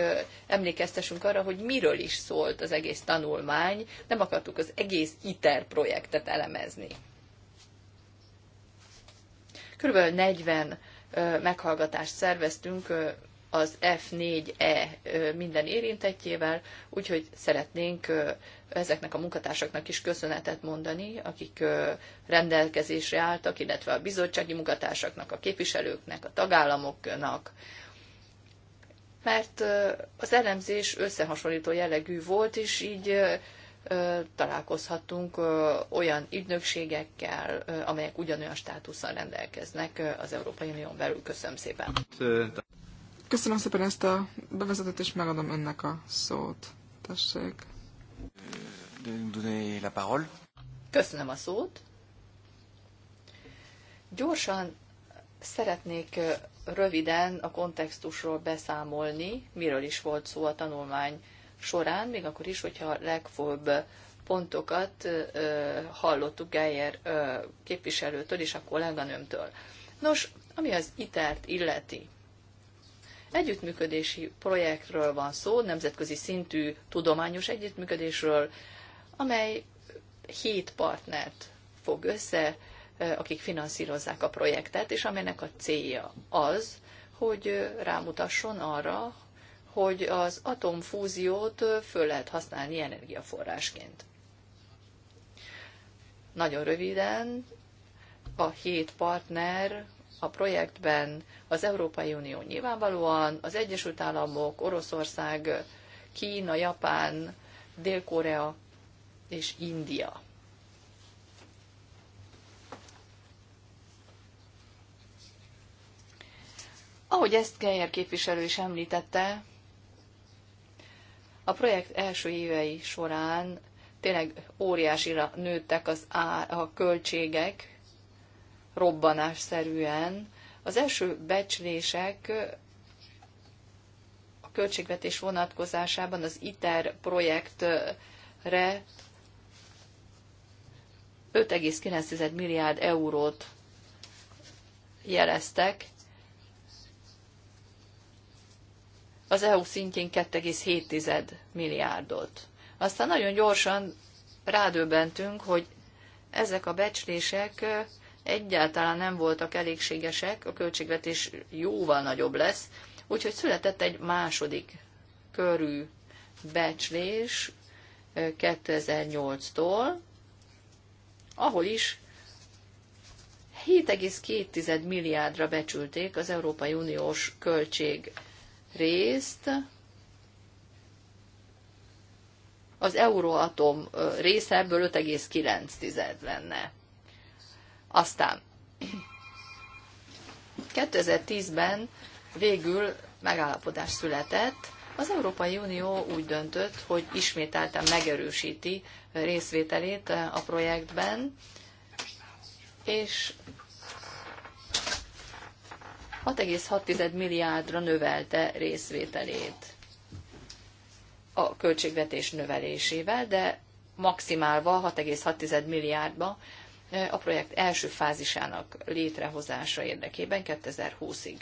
emlékeztessünk arra, hogy miről is szólt az egész tanulmány, nem akartuk az egész ITER projektet elemezni. Körülbelül 40 meghallgatást szerveztünk az F4E minden érintettjével, úgyhogy szeretnénk ezeknek a munkatársaknak is köszönetet mondani, akik rendelkezésre álltak, illetve a bizottsági munkatársaknak, a képviselőknek, a tagállamoknak, mert az elemzés összehasonlító jellegű volt, és így találkozhattunk olyan ügynökségekkel, amelyek ugyanolyan státusszal rendelkeznek az Európai Unión belül. Köszönöm szépen! Köszönöm szépen ezt a bevezetőt, és megadom önnek a szót. Tessék! Köszönöm a szót. Gyorsan szeretnék röviden a kontextusról beszámolni, miről is volt szó a tanulmány során, még akkor is, hogyha a legfőbb pontokat hallottuk Geyer képviselőtől és a kolléganőmtől. Nos, ami az itert illeti, együttműködési projektről van szó, nemzetközi szintű tudományos együttműködésről, amely hét partnert fog össze, akik finanszírozzák a projektet, és amelynek a célja az, hogy rámutasson arra, hogy az atomfúziót föl lehet használni energiaforrásként. Nagyon röviden, a hét partner a projektben az Európai Unió nyilvánvalóan, az Egyesült Államok, Oroszország, Kína, Japán, Dél-Korea és India. Ahogy ezt Geyer képviselő is említette, a projekt első évei során tényleg óriásira nőttek az á, a költségek, robbanásszerűen. Az első becslések a költségvetés vonatkozásában az ITER projektre 5,9 milliárd eurót jeleztek, az EU szintjén 2,7 milliárdot. Aztán nagyon gyorsan rádöbbentünk, hogy ezek a becslések egyáltalán nem voltak elégségesek, a költségvetés jóval nagyobb lesz, úgyhogy született egy második körű becslés 2008-tól, ahol is 7,2 milliárdra becsülték az Európai Uniós költség részt, az Euróatom része ebből 5,9 lenne. Aztán 2010-ben végül megállapodás született, az Európai Unió úgy döntött, hogy ismételten megerősíti részvételét a projektben, és 6,6 milliárdra növelte részvételét a költségvetés növelésével, de maximálva 6,6 milliárdba a projekt első fázisának létrehozása érdekében 2020-ig.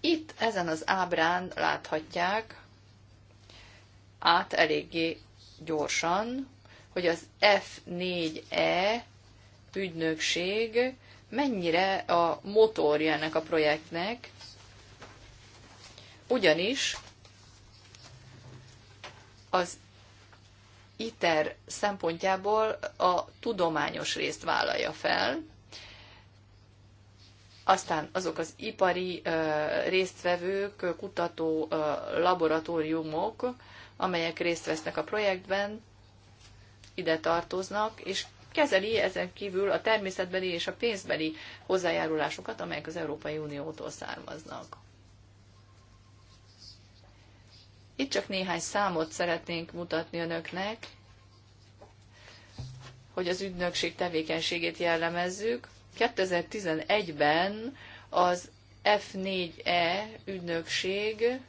Itt ezen az ábrán láthatják át eléggé gyorsan, hogy az F4E ügynökség mennyire a motorja ennek a projektnek, ugyanis az ITER szempontjából a tudományos részt vállalja fel, aztán azok az ipari résztvevők, kutató laboratóriumok, amelyek részt vesznek a projektben, ide tartoznak, és kezeli ezen kívül a természetbeli és a pénzbeli hozzájárulásokat, amelyek az Európai Uniótól származnak. Itt csak néhány számot szeretnénk mutatni önöknek, hogy az ügynökség tevékenységét jellemezzük. 2011-ben az F4E ügynökség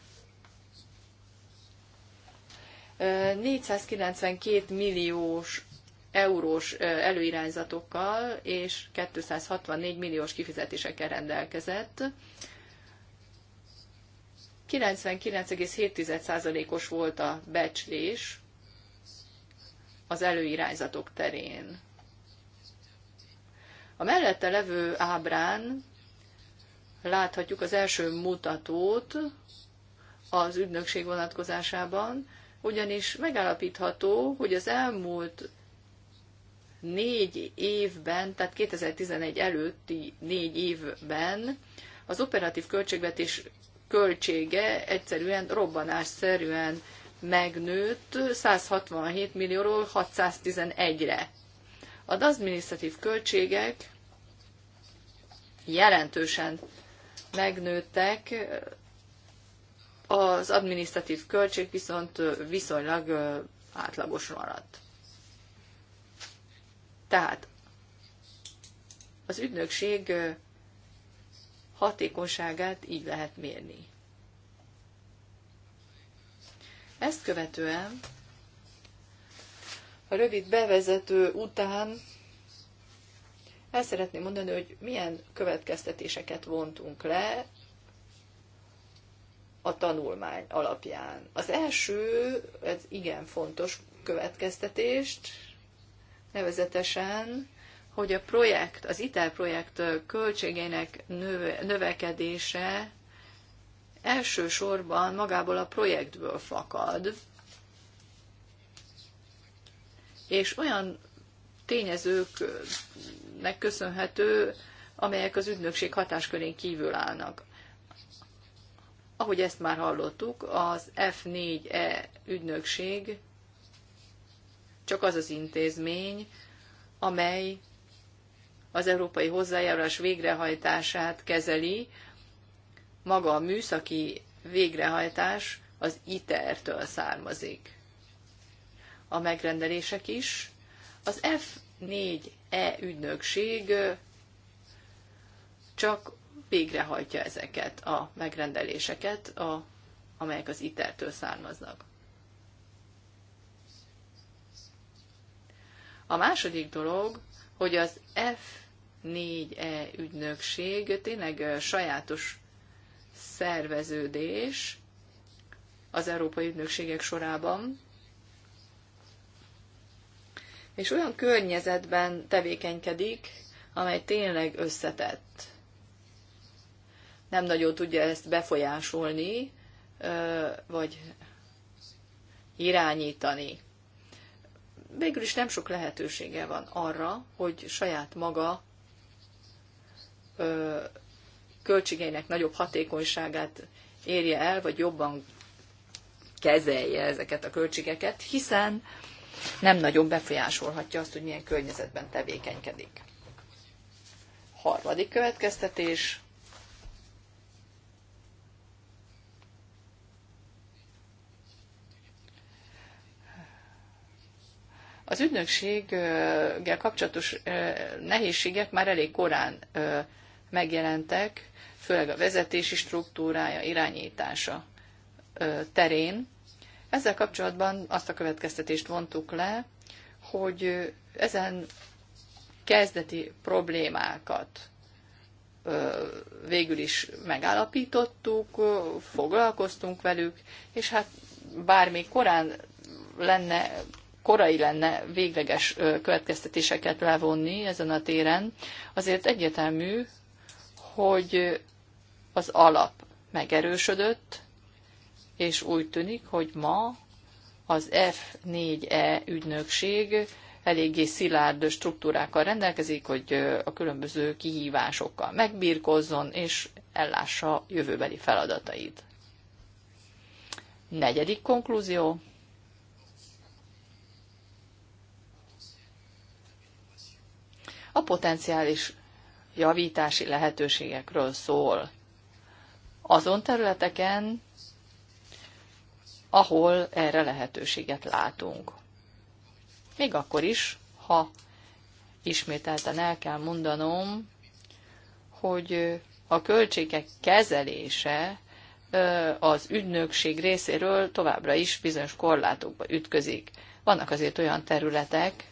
492 milliós eurós előirányzatokkal és 264 milliós kifizetésekkel rendelkezett. 99,7%-os volt a becslés az előirányzatok terén. A mellette levő ábrán láthatjuk az első mutatót az ügynökség vonatkozásában, ugyanis megállapítható, hogy az elmúlt négy évben, tehát 2011 előtti négy évben az operatív költségvetés költsége egyszerűen robbanásszerűen megnőtt 167 millióról 611-re. Az adminisztratív költségek jelentősen megnőttek, az adminisztratív költség viszont viszonylag átlagos maradt. Tehát az ügynökség hatékonyságát így lehet mérni. Ezt követően a rövid bevezető után el szeretném mondani, hogy milyen következtetéseket vontunk le a tanulmány alapján. Az első, ez igen fontos következtetést, nevezetesen hogy a projekt, az ITER projekt költségeinek növekedése elsősorban magából a projektből fakad, és olyan tényezőknek köszönhető, amelyek az ügynökség hatáskörén kívül állnak. Ahogy ezt már hallottuk, az F4E ügynökség csak az az intézmény, amely az európai hozzájárulás végrehajtását kezeli, maga a műszaki végrehajtás az ITER-től származik. A megrendelések is. Az F4E ügynökség csak végrehajtja ezeket a megrendeléseket, a, amelyek az ITER-től származnak. A második dolog, hogy az F4E ügynökség tényleg sajátos szerveződés az európai ügynökségek sorában, és olyan környezetben tevékenykedik, amely tényleg összetett. Nem nagyon tudja ezt befolyásolni, vagy irányítani végül is nem sok lehetősége van arra, hogy saját maga ö, költségeinek nagyobb hatékonyságát érje el, vagy jobban kezelje ezeket a költségeket, hiszen nem nagyon befolyásolhatja azt, hogy milyen környezetben tevékenykedik. Harmadik következtetés. Az ügynökséggel kapcsolatos nehézségek már elég korán megjelentek, főleg a vezetési struktúrája, irányítása terén. Ezzel kapcsolatban azt a következtetést vontuk le, hogy ezen kezdeti problémákat végül is megállapítottuk, foglalkoztunk velük, és hát bár még korán lenne korai lenne végleges következtetéseket levonni ezen a téren, azért egyértelmű, hogy az alap megerősödött, és úgy tűnik, hogy ma az F4E ügynökség eléggé szilárd struktúrákkal rendelkezik, hogy a különböző kihívásokkal megbírkozzon és ellássa jövőbeli feladatait. Negyedik konklúzió. a potenciális javítási lehetőségekről szól. Azon területeken, ahol erre lehetőséget látunk. Még akkor is, ha ismételten el kell mondanom, hogy a költségek kezelése az ügynökség részéről továbbra is bizonyos korlátokba ütközik. Vannak azért olyan területek,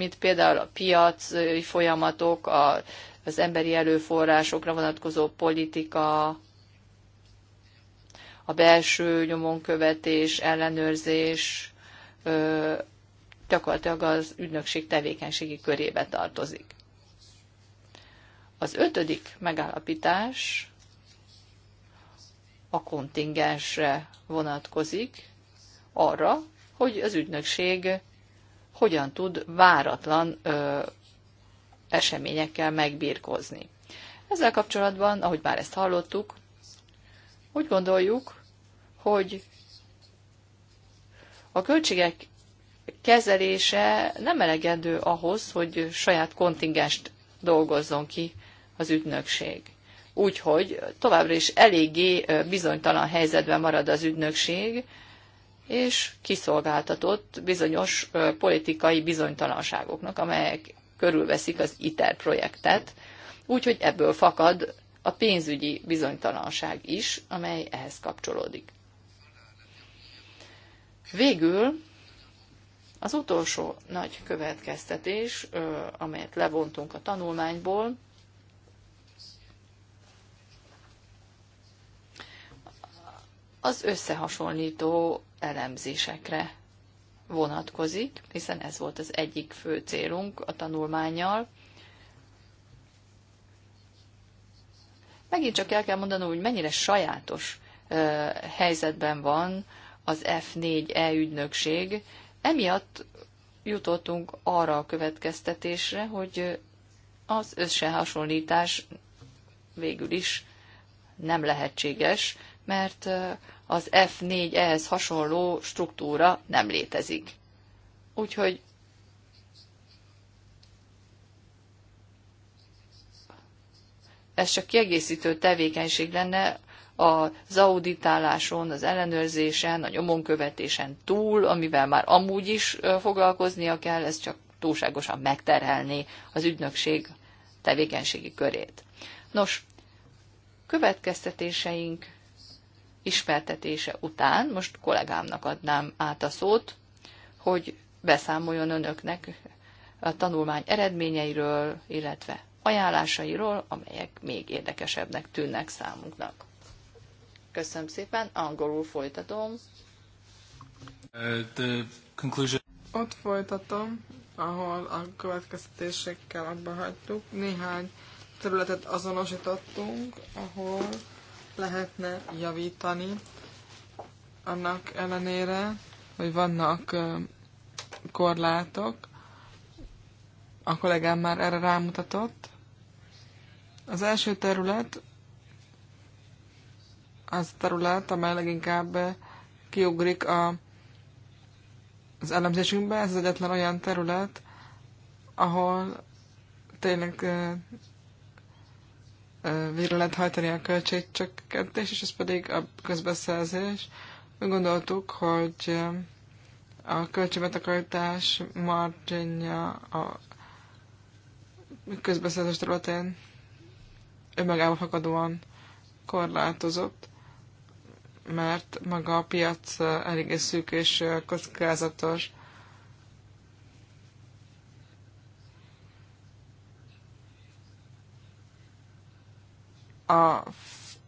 mint például a piaci folyamatok, a, az emberi erőforrásokra vonatkozó politika, a belső nyomonkövetés, ellenőrzés ö, gyakorlatilag az ügynökség tevékenységi körébe tartozik. Az ötödik megállapítás a kontingensre vonatkozik, arra, hogy az ügynökség hogyan tud váratlan ö, eseményekkel megbírkozni. Ezzel kapcsolatban, ahogy már ezt hallottuk, úgy gondoljuk, hogy a költségek kezelése nem elegendő ahhoz, hogy saját kontingest dolgozzon ki az ügynökség. Úgyhogy továbbra is eléggé bizonytalan helyzetben marad az ügynökség, és kiszolgáltatott bizonyos politikai bizonytalanságoknak, amelyek körülveszik az ITER projektet, úgyhogy ebből fakad a pénzügyi bizonytalanság is, amely ehhez kapcsolódik. Végül az utolsó nagy következtetés, amelyet levontunk a tanulmányból, az összehasonlító elemzésekre vonatkozik, hiszen ez volt az egyik fő célunk a tanulmányjal. Megint csak el kell mondanom, hogy mennyire sajátos helyzetben van az F4E ügynökség. Emiatt jutottunk arra a következtetésre, hogy az összehasonlítás végül is nem lehetséges, mert az f 4 ehhez hasonló struktúra nem létezik. Úgyhogy ez csak kiegészítő tevékenység lenne az auditáláson, az ellenőrzésen, a nyomonkövetésen túl, amivel már amúgy is foglalkoznia kell, ez csak túlságosan megterhelni az ügynökség tevékenységi körét. Nos, következtetéseink ismertetése után most kollégámnak adnám át a szót, hogy beszámoljon önöknek a tanulmány eredményeiről, illetve ajánlásairól, amelyek még érdekesebbnek tűnnek számunknak. Köszönöm szépen, angolul folytatom. Uh, the conclusion... Ott folytatom, ahol a következtetésekkel abba hagytuk. Néhány területet azonosítottunk, ahol lehetne javítani, annak ellenére, hogy vannak korlátok. A kollégám már erre rámutatott. Az első terület az terület, amely leginkább kiugrik a, az elemzésünkbe. Ez az egyetlen olyan terület, ahol tényleg végre lehet hajtani a költségcsökkentés, és ez pedig a közbeszerzés. Mi gondoltuk, hogy a költségbetakarítás marginja a közbeszerzés területén önmagában fakadóan korlátozott, mert maga a piac eléggé szűk és kockázatos. A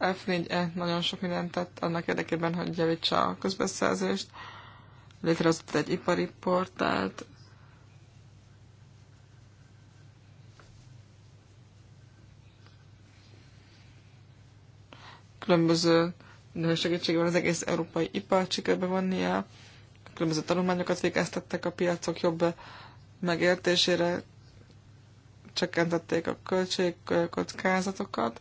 F4E nagyon sok mindent tett annak érdekében, hogy javítsa a közbeszerzést. Létrehozott egy ipari portált, különböző segítségével az egész európai ipar sikerbe vonnia, különböző tanulmányokat végeztettek a piacok jobb megértésére, csökkentették a költségkockázatokat.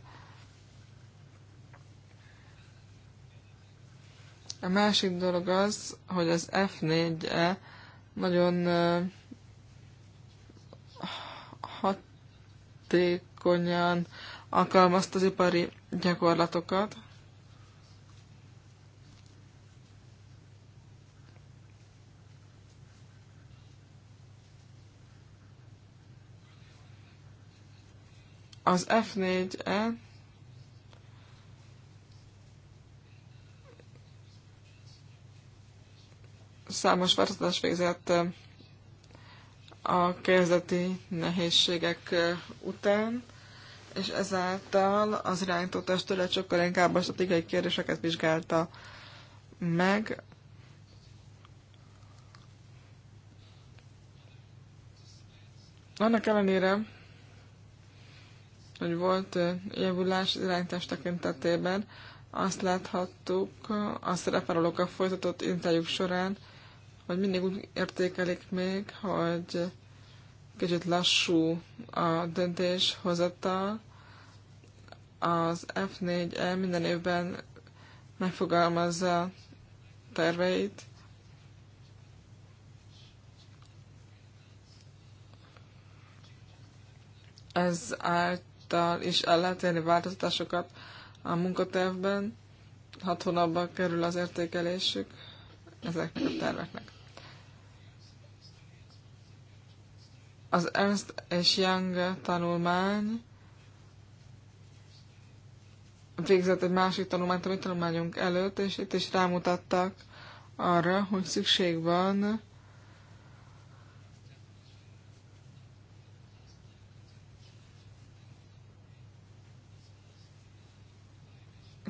A másik dolog az, hogy az F4E nagyon hatékonyan alkalmazta az ipari gyakorlatokat. Az F4E Számos változás végzett a kezdeti nehézségek után, és ezáltal az irányító testület sokkal inkább a stratégiai kérdéseket vizsgálta meg, Annak ellenére, hogy volt javulás irányítás tekintetében, azt láthattuk a szerepvállalókkal folytatott interjúk során, vagy mindig úgy értékelik még, hogy kicsit lassú a döntéshozattal. Az F4E minden évben megfogalmazza terveit, ez által is el lehet érni változtatásokat a munkatervben. Hat hónapban kerül az értékelésük ezeknek a terveknek. Az Ernst és Young tanulmány végzett egy másik tanulmányt a mi tanulmányunk előtt, és itt is rámutattak arra, hogy szükség van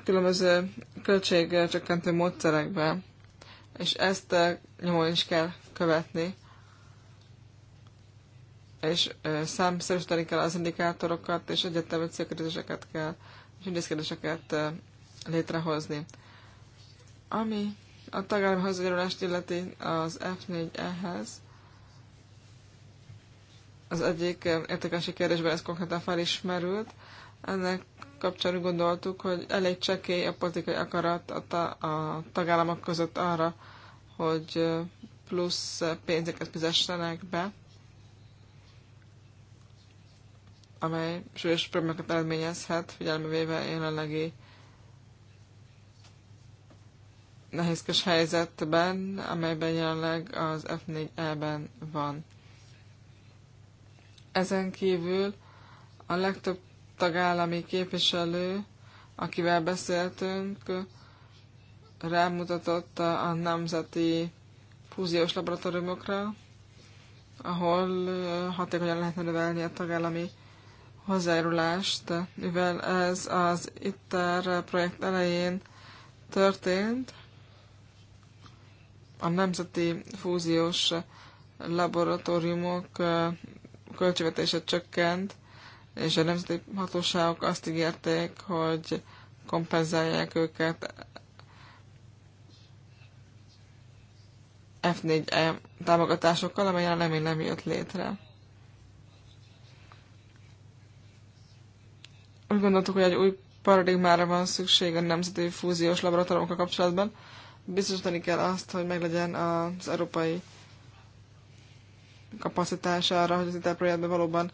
különböző költségcsökkentő módszerekben és ezt eh, nyomon is kell követni. És eh, számszerűsíteni kell az indikátorokat, és egyetemű célkérdéseket kell, és intézkedéseket eh, létrehozni. Ami a tagállami hozzájárulást illeti az f 4 ehhez az egyik értékesi kérdésben ez konkrétan felismerült, ennek kapcsán gondoltuk, hogy elég csekély a politikai akarat a, ta- a tagállamok között arra, hogy plusz pénzeket fizessenek be, amely súlyos problémákat eredményezhet, figyelembe véve jelenlegi nehézkes helyzetben, amelyben jelenleg az F4E-ben van. Ezen kívül a legtöbb tagállami képviselő, akivel beszéltünk, rámutatott a nemzeti fúziós laboratóriumokra, ahol hatékonyan lehetne növelni a tagállami hozzájárulást, mivel ez az ITER projekt elején történt, a nemzeti fúziós laboratóriumok költségvetése csökkent és a nemzeti hatóságok azt ígérték, hogy kompenzálják őket F4E támogatásokkal, amelyen nem még nem jött létre. Úgy gondoltuk, hogy egy új paradigmára van szükség a nemzeti fúziós laboratóriumokkal kapcsolatban. Biztosítani kell azt, hogy meglegyen az európai kapacitás arra, hogy az IT projektben valóban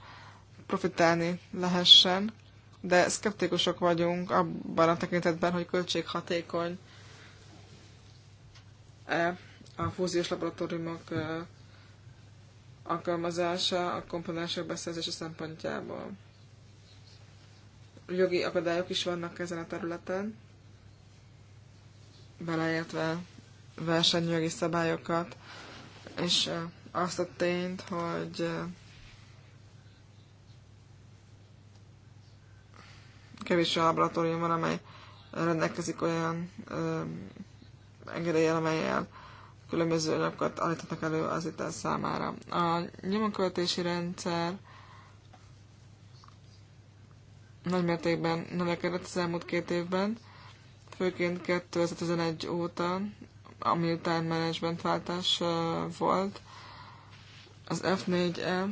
profitálni lehessen, de szkeptikusok vagyunk abban a tekintetben, hogy költséghatékony -e a fúziós laboratóriumok alkalmazása a komponensek beszerzése szempontjából. Jogi akadályok is vannak ezen a területen, beleértve versenyjogi szabályokat, és azt a tényt, hogy kevés a laboratórium van, amely rendelkezik olyan engedéllyel, amelyel különböző anyagokat állíthatnak elő az ital számára. A nyomonkövetési rendszer nagymértékben növekedett az elmúlt két évben, főként 2011 óta, ami után váltás volt, az F4E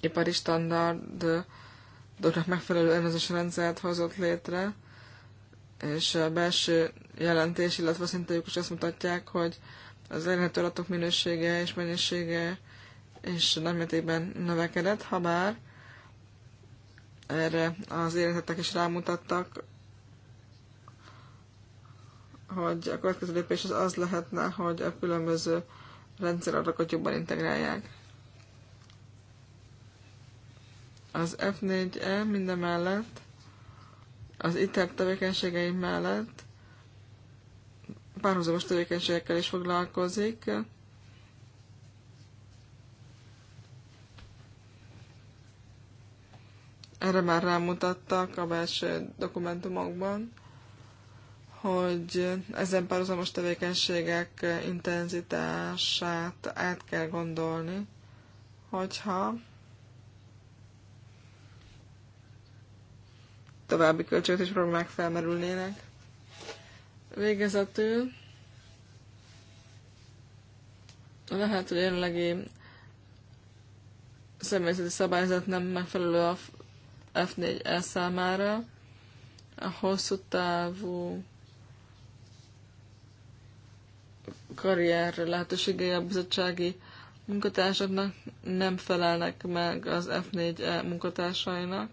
ipari standard megfelelő ellenőrzési rendszert hozott létre, és a belső jelentés, illetve a szintéjük is azt mutatják, hogy az elérhető adatok minősége és mennyisége és nagymértékben növekedett, ha bár erre az érintettek is rámutattak, hogy a következő lépés az az lehetne, hogy a különböző rendszeradatokat jobban integrálják. Az F4E minden mellett, az ITEP tevékenységei mellett párhuzamos tevékenységekkel is foglalkozik. Erre már rámutattak a belső dokumentumokban, hogy ezen párhuzamos tevékenységek intenzitását át kell gondolni, hogyha további költségvetés problémák felmerülnének. Végezetül lehet, hogy jelenlegi személyzeti szabályzat nem megfelelő a F4E számára. A hosszú távú karrier lehetőségei a bizottsági munkatársaknak nem felelnek meg az F4E munkatársainak.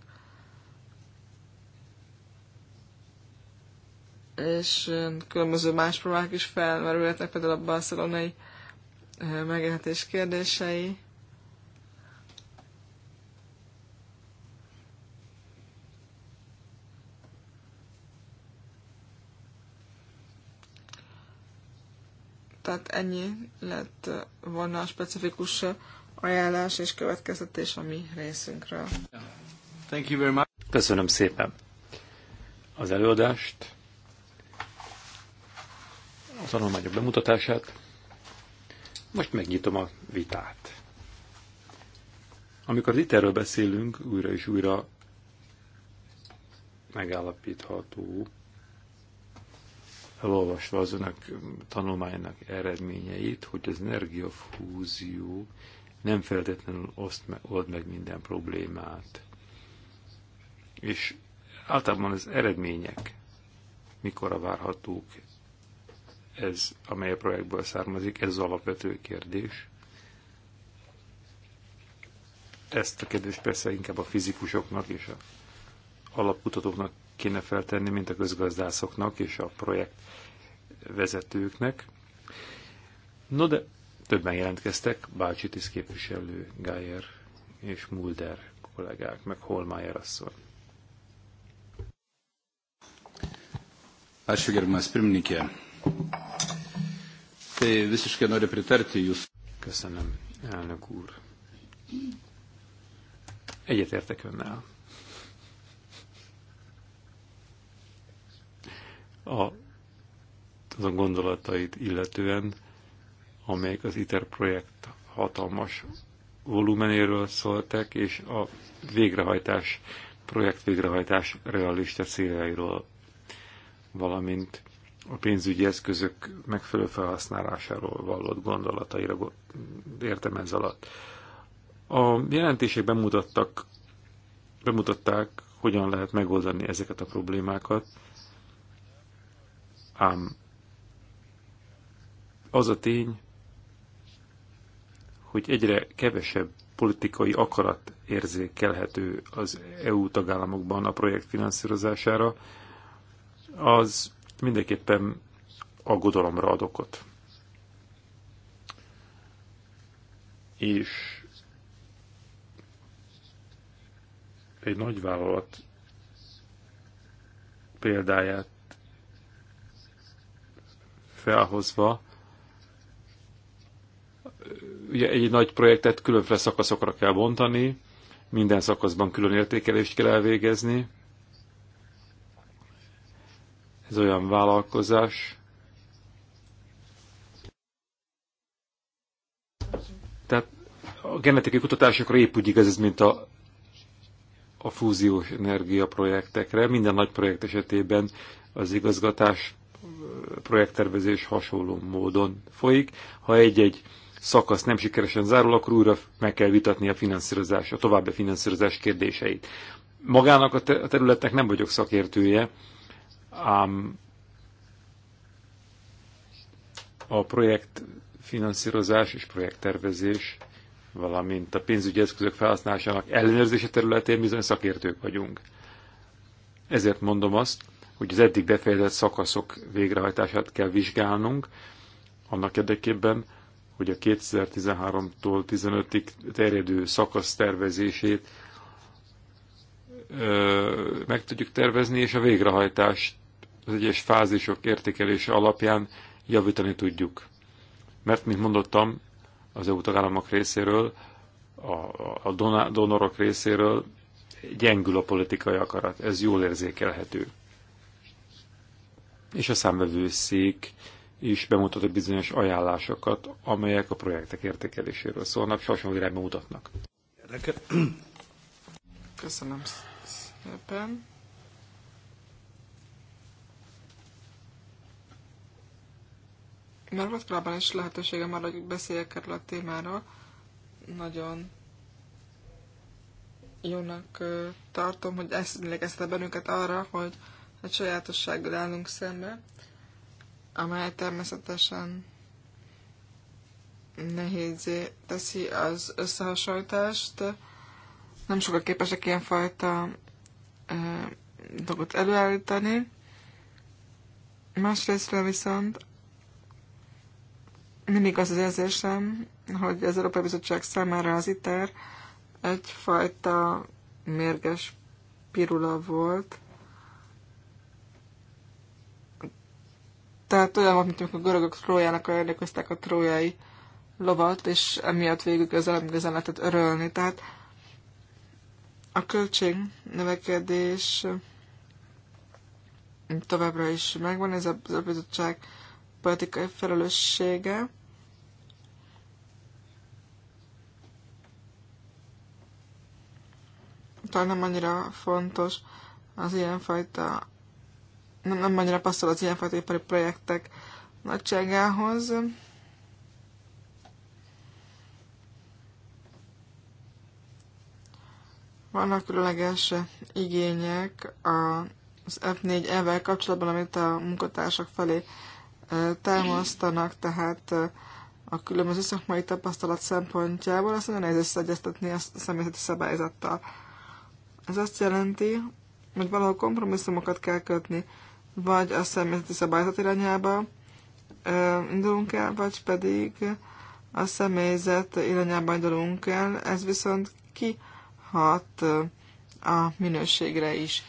és különböző más problémák is felmerülhetnek, például a barcelonai megélhetés kérdései. Tehát ennyi lett volna a specifikus ajánlás és következtetés a mi részünkről. Thank you very much. Köszönöm szépen az előadást a tanulmányok bemutatását. Most megnyitom a vitát. Amikor itt erről beszélünk, újra és újra megállapítható, elolvasva az önök tanulmánynak eredményeit, hogy az energiafúzió nem feltétlenül oszt meg, old meg minden problémát. És általában az eredmények mikor várhatók ez, amely a projektből származik, ez az alapvető kérdés. Ezt a kérdést persze inkább a fizikusoknak és a alapkutatóknak kéne feltenni, mint a közgazdászoknak és a projekt vezetőknek. No de többen jelentkeztek, Bácsi képviselő Gájer és Mulder kollégák, meg Holmájer asszony. Ačiū gerbiamas pirmininkė. Tai visiškai noriu pritarti jūs. Köszönöm, elnök úr. Egyetértek önnel. A, azon gondolatait illetően, amelyek az ITER projekt hatalmas volumenéről szóltak, és a végrehajtás, projekt végrehajtás realista céljairól, valamint a pénzügyi eszközök megfelelő felhasználásáról vallott gondolataira értem ez alatt. A jelentések bemutattak, bemutatták, hogyan lehet megoldani ezeket a problémákat, ám az a tény, hogy egyre kevesebb politikai akarat érzékelhető az EU tagállamokban a projekt finanszírozására, az mindenképpen aggodalomra ad okot. És egy nagy vállalat példáját felhozva, ugye egy nagy projektet különféle szakaszokra kell bontani, minden szakaszban külön értékelést kell elvégezni, ez olyan vállalkozás. Tehát a genetikai kutatásokra épp úgy igaz ez, mint a, a fúziós energia projektekre. Minden nagy projekt esetében az igazgatás, projekttervezés hasonló módon folyik. Ha egy-egy szakasz nem sikeresen zárul, akkor újra meg kell vitatni a finanszírozás, a további finanszírozás kérdéseit. Magának a, te- a területnek nem vagyok szakértője, ám a projekt finanszírozás és projekttervezés, valamint a pénzügyi eszközök felhasználásának ellenőrzése területén bizony szakértők vagyunk. Ezért mondom azt, hogy az eddig befejezett szakaszok végrehajtását kell vizsgálnunk, annak érdekében, hogy a 2013-tól 15-ig terjedő szakasz tervezését ö, meg tudjuk tervezni, és a végrehajtást az egyes fázisok értékelése alapján javítani tudjuk. Mert, mint mondottam, az EU tagállamok részéről, a, a donorok részéről gyengül a politikai akarat. Ez jól érzékelhető. És a számvevőszék is bemutatott bizonyos ajánlásokat, amelyek a projektek értékeléséről szólnak, és hasonló irányba mutatnak. *clears throat* Köszönöm szépen. Már volt korábban is lehetőségem arra, hogy beszéljek erről a témáról. Nagyon jónak tartom, hogy ezt emlékeztet bennünket arra, hogy egy sajátossággal állunk szembe, amely természetesen nehézé teszi az összehasonlítást. Nem sokat képesek ilyenfajta e, dolgot előállítani. Másrésztről viszont nem igaz az érzésem, hogy az Európai Bizottság számára az ITER egyfajta mérges pirula volt. Tehát olyan volt, mint amikor a görögök trójának ajándékozták a trójai lovat, és emiatt végül az nem igazán lehetett örölni. Tehát a költség növekedés továbbra is megvan, ez a bizottság politikai felelőssége. Talán nem annyira fontos az ilyenfajta, nem, nem annyira passzol az ilyenfajta ipari projektek nagyságához. Vannak különleges igények az F4-evel kapcsolatban, amit a munkatársak felé támasztanak, tehát eh, a különböző szakmai tapasztalat szempontjából, azt nagyon nehéz összeegyeztetni a személyzeti szabályzattal. Ez azt jelenti, hogy valahol kompromisszumokat kell kötni, vagy a személyzeti szabályzat irányába eh, indulunk el, vagy pedig a személyzet irányába indulunk el, ez viszont kihat eh, a minőségre is.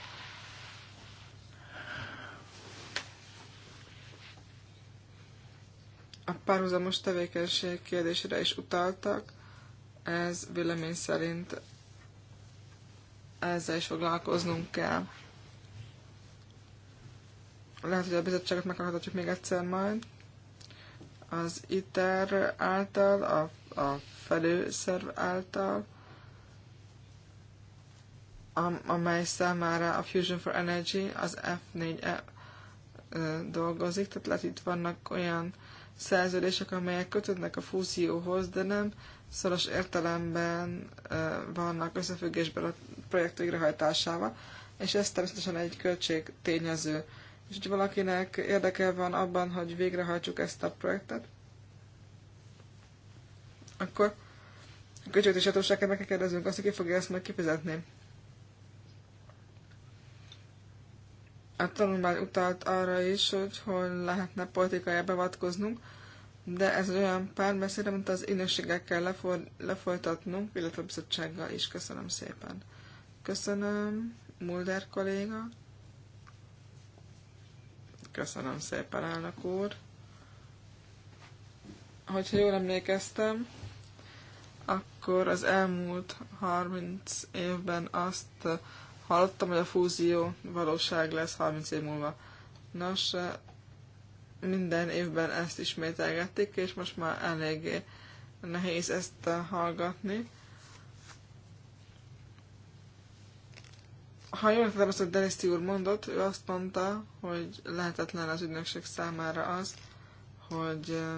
A párhuzamos tevékenység kérdésére is utaltak. Ez vélemény szerint ezzel is foglalkoznunk kell. Lehet, hogy a bizottságot meghallgatjuk még egyszer majd. Az ITER által, a, a felőszerv által, amely számára a Fusion for Energy, az F4E dolgozik, tehát lehet itt vannak olyan szerződések, amelyek kötődnek a fúzióhoz, de nem szoros értelemben vannak összefüggésben a projekt végrehajtásával, és ez természetesen egy költségtényező. És hogy valakinek érdeke van abban, hogy végrehajtsuk ezt a projektet, akkor a költségvetési hatóságnak kell kérdezünk azt, hogy ki fogja ezt majd kifizetni. a tanulmány utalt arra is, hogy hol lehetne politikai beavatkoznunk, de ez olyan párbeszéd, amit az ügynökségekkel lefor- lefolytatnunk, illetve a bizottsággal is. Köszönöm szépen. Köszönöm, Mulder kolléga. Köszönöm szépen, elnök úr. Hogyha jól emlékeztem, akkor az elmúlt 30 évben azt Hallottam, hogy a fúzió valóság lesz 30 év múlva. Nos, eh, minden évben ezt ismételgették, és most már eléggé nehéz ezt eh, hallgatni. Ha jól értettem azt, hogy Dennis úr mondott, ő azt mondta, hogy lehetetlen az ügynökség számára az, hogy eh,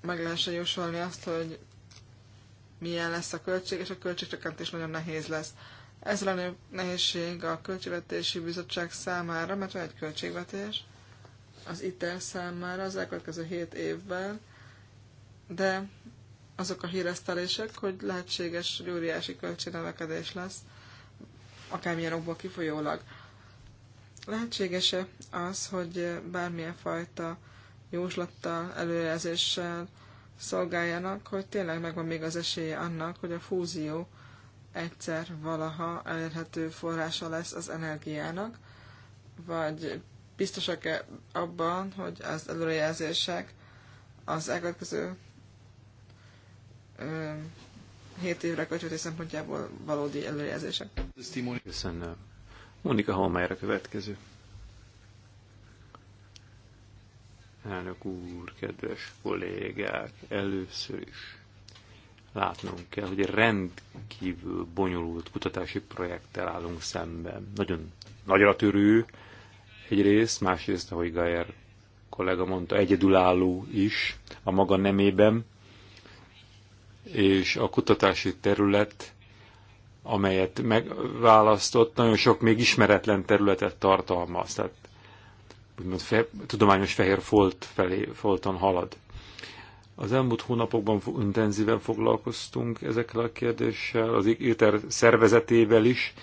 meg lehessen jósolni azt, hogy milyen lesz a költség, és a költségcsökkentés nagyon nehéz lesz. Ez a nehézség a Költségvetési Bizottság számára, mert van egy költségvetés az ITER számára az elkövetkező 7 évben, de azok a híresztelések, hogy lehetséges, hogy óriási költségnevekedés lesz, akármilyen okból kifolyólag. lehetséges -e az, hogy bármilyen fajta jóslattal, előrejelzéssel, szolgáljanak, hogy tényleg megvan még az esélye annak, hogy a fúzió egyszer valaha elérhető forrása lesz az energiának, vagy biztosak-e abban, hogy az előrejelzések az elkövetkező hét évre kötődés szempontjából valódi előrejelzések. Köszönöm. Monika Holmeyer a következő. Elnök úr, kedves kollégák, először is látnunk kell, hogy rendkívül bonyolult kutatási projekttel állunk szemben. Nagyon nagyra törő egyrészt, másrészt, ahogy Gajer kollega mondta, egyedülálló is a maga nemében, és a kutatási terület, amelyet megválasztott, nagyon sok még ismeretlen területet tartalmaz. Tehát úgymond fe, tudományos fehér folt felé, folton halad. Az elmúlt hónapokban intenzíven foglalkoztunk ezekkel a kérdéssel, az éter szervezetével is,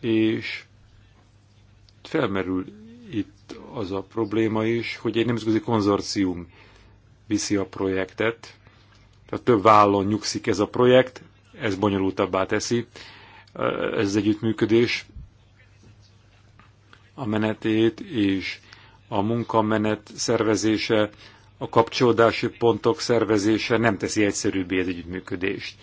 és felmerül itt az a probléma is, hogy egy nemzetközi konzorcium viszi a projektet, tehát több vállon nyugszik ez a projekt, ez bonyolultabbá teszi, ez az együttműködés, a menetét és a munkamenet szervezése, a kapcsolódási pontok szervezése nem teszi egyszerűbbé az együttműködést.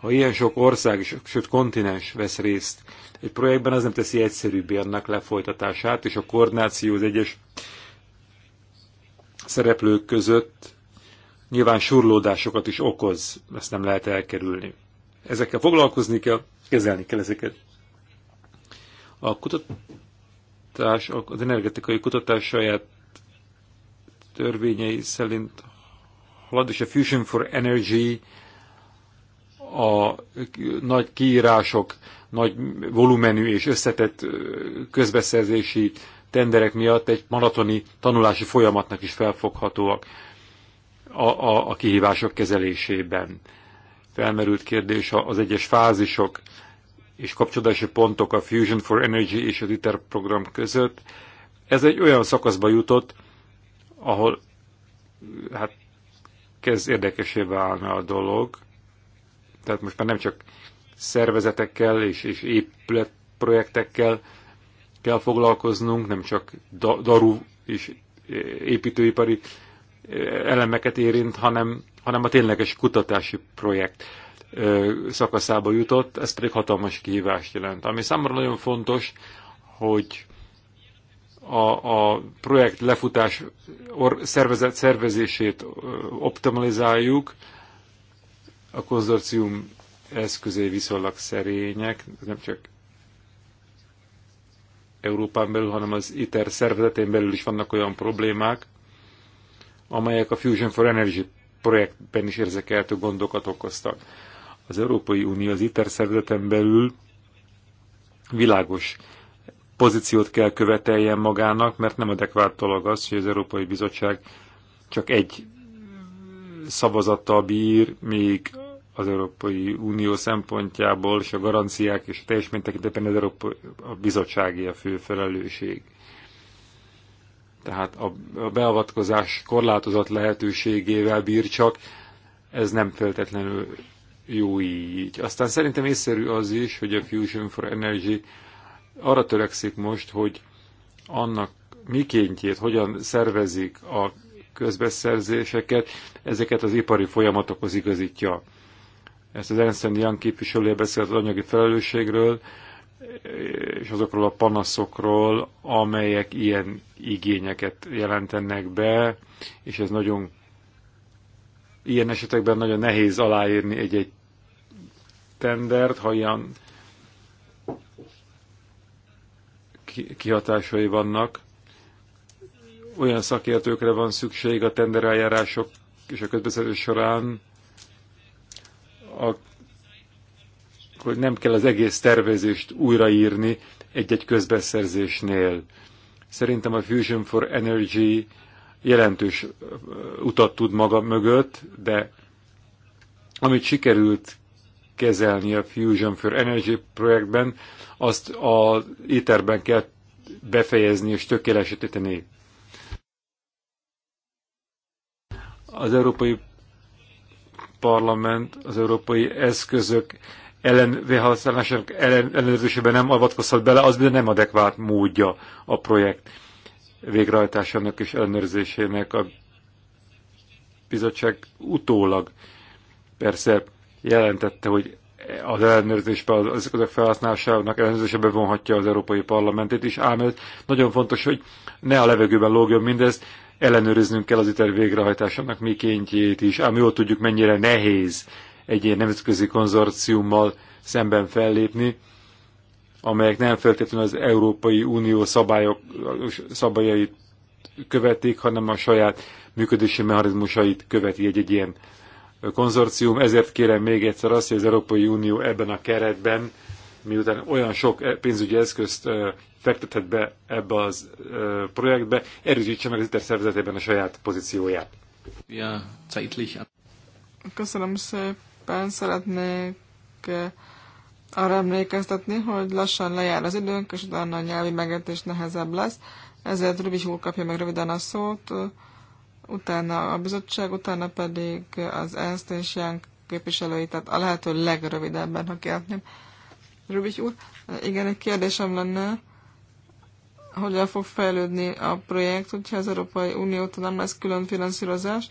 Ha ilyen sok ország, és sőt kontinens vesz részt egy projektben, az nem teszi egyszerűbbé annak lefolytatását, és a koordináció az egyes szereplők között nyilván surlódásokat is okoz, ezt nem lehet elkerülni. Ezekkel foglalkozni kell, kezelni kell ezeket. A kutat kutatás, az energetikai kutatás saját törvényei szerint halad, és a Fusion for Energy a nagy kiírások, nagy volumenű és összetett közbeszerzési tenderek miatt egy maratoni tanulási folyamatnak is felfoghatóak a, a, a kihívások kezelésében. Felmerült kérdés az egyes fázisok, és kapcsolódási pontok a Fusion for Energy és az ITER program között. Ez egy olyan szakaszba jutott, ahol hát kezd érdekesé válni a dolog. Tehát most már nem csak szervezetekkel és, és épületprojektekkel kell foglalkoznunk, nem csak daru és építőipari eh, elemeket érint, hanem, hanem a tényleges kutatási projekt szakaszába jutott, ez pedig hatalmas kihívást jelent. Ami számomra nagyon fontos, hogy a, a projekt lefutás or, szervezet szervezését optimalizáljuk, a konzorcium eszközé viszonylag szerények, nem csak Európán belül, hanem az ITER szervezetén belül is vannak olyan problémák, amelyek a Fusion for Energy projektben is érzekeltő gondokat okoztak. Az Európai Unió az ITER szervezeten belül világos pozíciót kell követeljen magának, mert nem adekvált dolog az, hogy az Európai Bizottság csak egy szavazattal bír, még az Európai Unió szempontjából, és a garanciák és a teljesmény tekintetben az Európai a bizottsági a fő felelősség. Tehát a, a beavatkozás korlátozott lehetőségével bír csak, ez nem feltétlenül jó így. Aztán szerintem észszerű az is, hogy a Fusion for Energy arra törekszik most, hogy annak mikéntjét, hogyan szervezik a közbeszerzéseket, ezeket az ipari folyamatokhoz igazítja. Ezt az Ernst Young képviselője beszélt az anyagi felelősségről, és azokról a panaszokról, amelyek ilyen igényeket jelentenek be, és ez nagyon ilyen esetekben nagyon nehéz aláírni egy-egy tendert, ha ilyen kihatásai vannak. Olyan szakértőkre van szükség a tendereljárások és a közbeszerzés során, a, hogy nem kell az egész tervezést újraírni egy-egy közbeszerzésnél. Szerintem a Fusion for Energy jelentős utat tud maga mögött, de amit sikerült kezelni a Fusion for Energy projektben, azt az éterben kell befejezni és tökéletesíteni. Az Európai Parlament az európai eszközök ellen, ellen, ellenőrzésében nem avatkozhat bele, az nem adekvát módja a projekt végrehajtásának és ellenőrzésének a bizottság utólag persze jelentette, hogy az ellenőrzésben, az eszközök felhasználásának ellenőrzése vonhatja az Európai Parlamentet is, ám ez nagyon fontos, hogy ne a levegőben lógjon mindez, ellenőriznünk kell az iter végrehajtásának mikéntjét is, ám jól tudjuk, mennyire nehéz egy ilyen nemzetközi konzorciummal szemben fellépni, amelyek nem feltétlenül az Európai Unió szabályok, szabályait követik, hanem a saját működési mechanizmusait követi egy, egy ilyen konzorcium. Ezért kérem még egyszer azt, hogy az Európai Unió ebben a keretben, miután olyan sok pénzügyi eszközt fektethet be ebbe az projektbe, erősítse meg az ITER szervezetében a saját pozícióját. Ja, Köszönöm szépen, szeretnék arra emlékeztetni, hogy lassan lejár az időnk, és utána a nyelvi megértés nehezebb lesz. Ezért Rubi úr kapja meg röviden a szót, utána a bizottság, utána pedig az ENSZT és Jánk képviselői, tehát a lehető legrövidebben, ha kérném. Rubi úr, igen, egy kérdésem lenne, hogyan fog fejlődni a projekt, hogyha az Európai Uniótól nem lesz külön finanszírozás,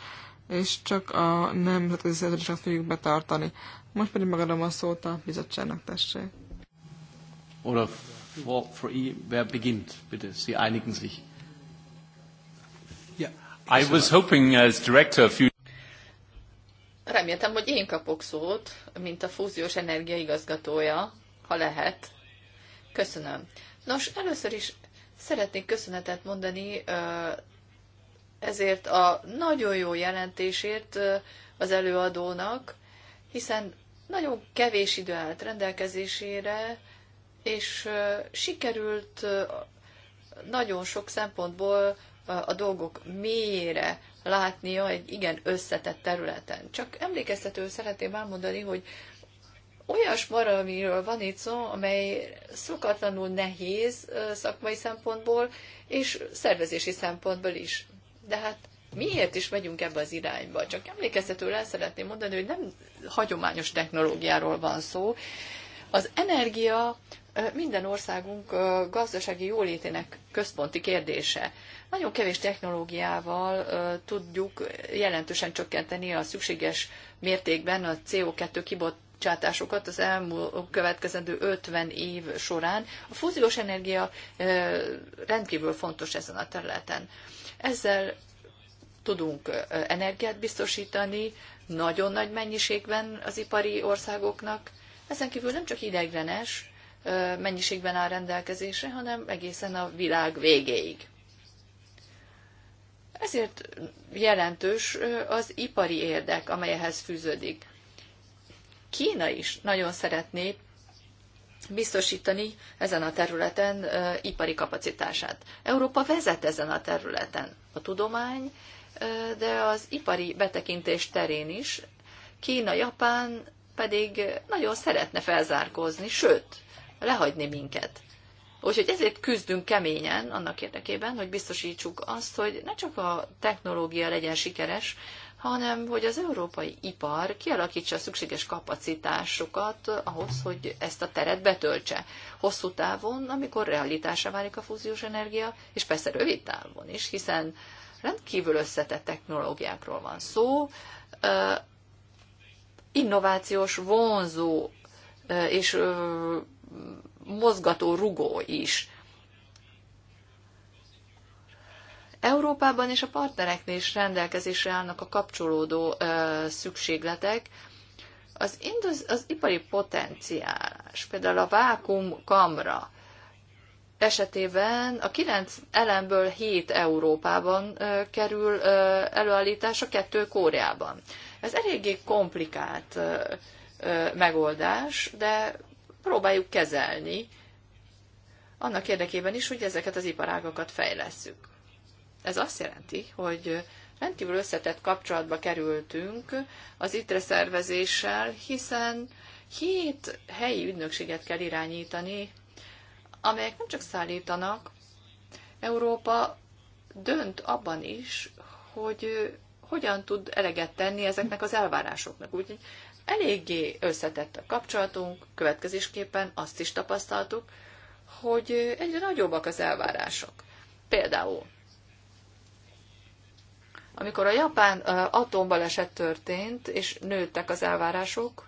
és csak a nemzetközi szerződéseket fogjuk betartani. Most pedig megadom a szót a bizottságnak, tessék. Oder vor, vor I, wer beginnt, bitte? Sie einigen sich. Yeah. I was hoping as director of Reméltem, hogy én kapok szót, mint a fúziós energia igazgatója, ha lehet. Köszönöm. Nos, először is szeretnék köszönetet mondani ezért a nagyon jó jelentésért az előadónak, hiszen nagyon kevés idő állt rendelkezésére, és sikerült nagyon sok szempontból a dolgok mélyére látnia egy igen összetett területen. Csak emlékeztetőül szeretném elmondani, hogy olyas maramiről van itt szó, amely szokatlanul nehéz szakmai szempontból, és szervezési szempontból is de hát miért is megyünk ebbe az irányba? Csak emlékeztetőre el szeretném mondani, hogy nem hagyományos technológiáról van szó. Az energia minden országunk gazdasági jólétének központi kérdése. Nagyon kevés technológiával tudjuk jelentősen csökkenteni a szükséges mértékben a CO2 kibocsátásokat az elmúlt következendő 50 év során. A fúziós energia rendkívül fontos ezen a területen. Ezzel tudunk energiát biztosítani nagyon nagy mennyiségben az ipari országoknak. Ezen kívül nem csak ideiglenes mennyiségben áll rendelkezésre, hanem egészen a világ végéig. Ezért jelentős az ipari érdek, amelyhez fűződik. Kína is nagyon szeretné biztosítani ezen a területen ipari kapacitását. Európa vezet ezen a területen a tudomány, de az ipari betekintés terén is. Kína, Japán pedig nagyon szeretne felzárkózni, sőt, lehagyni minket. Úgyhogy ezért küzdünk keményen annak érdekében, hogy biztosítsuk azt, hogy ne csak a technológia legyen sikeres, hanem hogy az európai ipar kialakítsa a szükséges kapacitásokat ahhoz, hogy ezt a teret betöltse. Hosszú távon, amikor realitásra válik a fúziós energia, és persze rövid távon is, hiszen rendkívül összetett technológiákról van szó, innovációs, vonzó és mozgató rugó is. Európában és a partnereknél is rendelkezésre állnak a kapcsolódó szükségletek. Az, indus, az ipari potenciálás, például a vákum kamra esetében a 9 elemből 7 Európában kerül előállításra, 2 Kóreában. Ez eléggé komplikált megoldás, de próbáljuk kezelni annak érdekében is, hogy ezeket az iparágakat fejlesszük. Ez azt jelenti, hogy rendkívül összetett kapcsolatba kerültünk az ITRE szervezéssel, hiszen hét helyi ügynökséget kell irányítani, amelyek nem csak szállítanak, Európa dönt abban is, hogy hogyan tud eleget tenni ezeknek az elvárásoknak. Úgyhogy eléggé összetett a kapcsolatunk, következésképpen azt is tapasztaltuk, hogy egyre nagyobbak az elvárások. Például amikor a japán atombaleset történt, és nőttek az elvárások,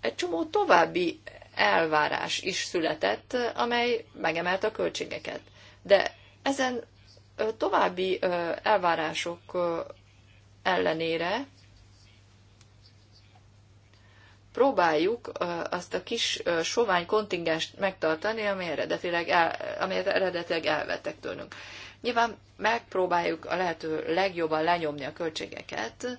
egy csomó további elvárás is született, amely megemelte a költségeket. De ezen további elvárások ellenére próbáljuk azt a kis sovány kontingenst megtartani, amelyet eredetileg, el, amelyet eredetileg elvettek tőlünk. Nyilván megpróbáljuk a lehető legjobban lenyomni a költségeket,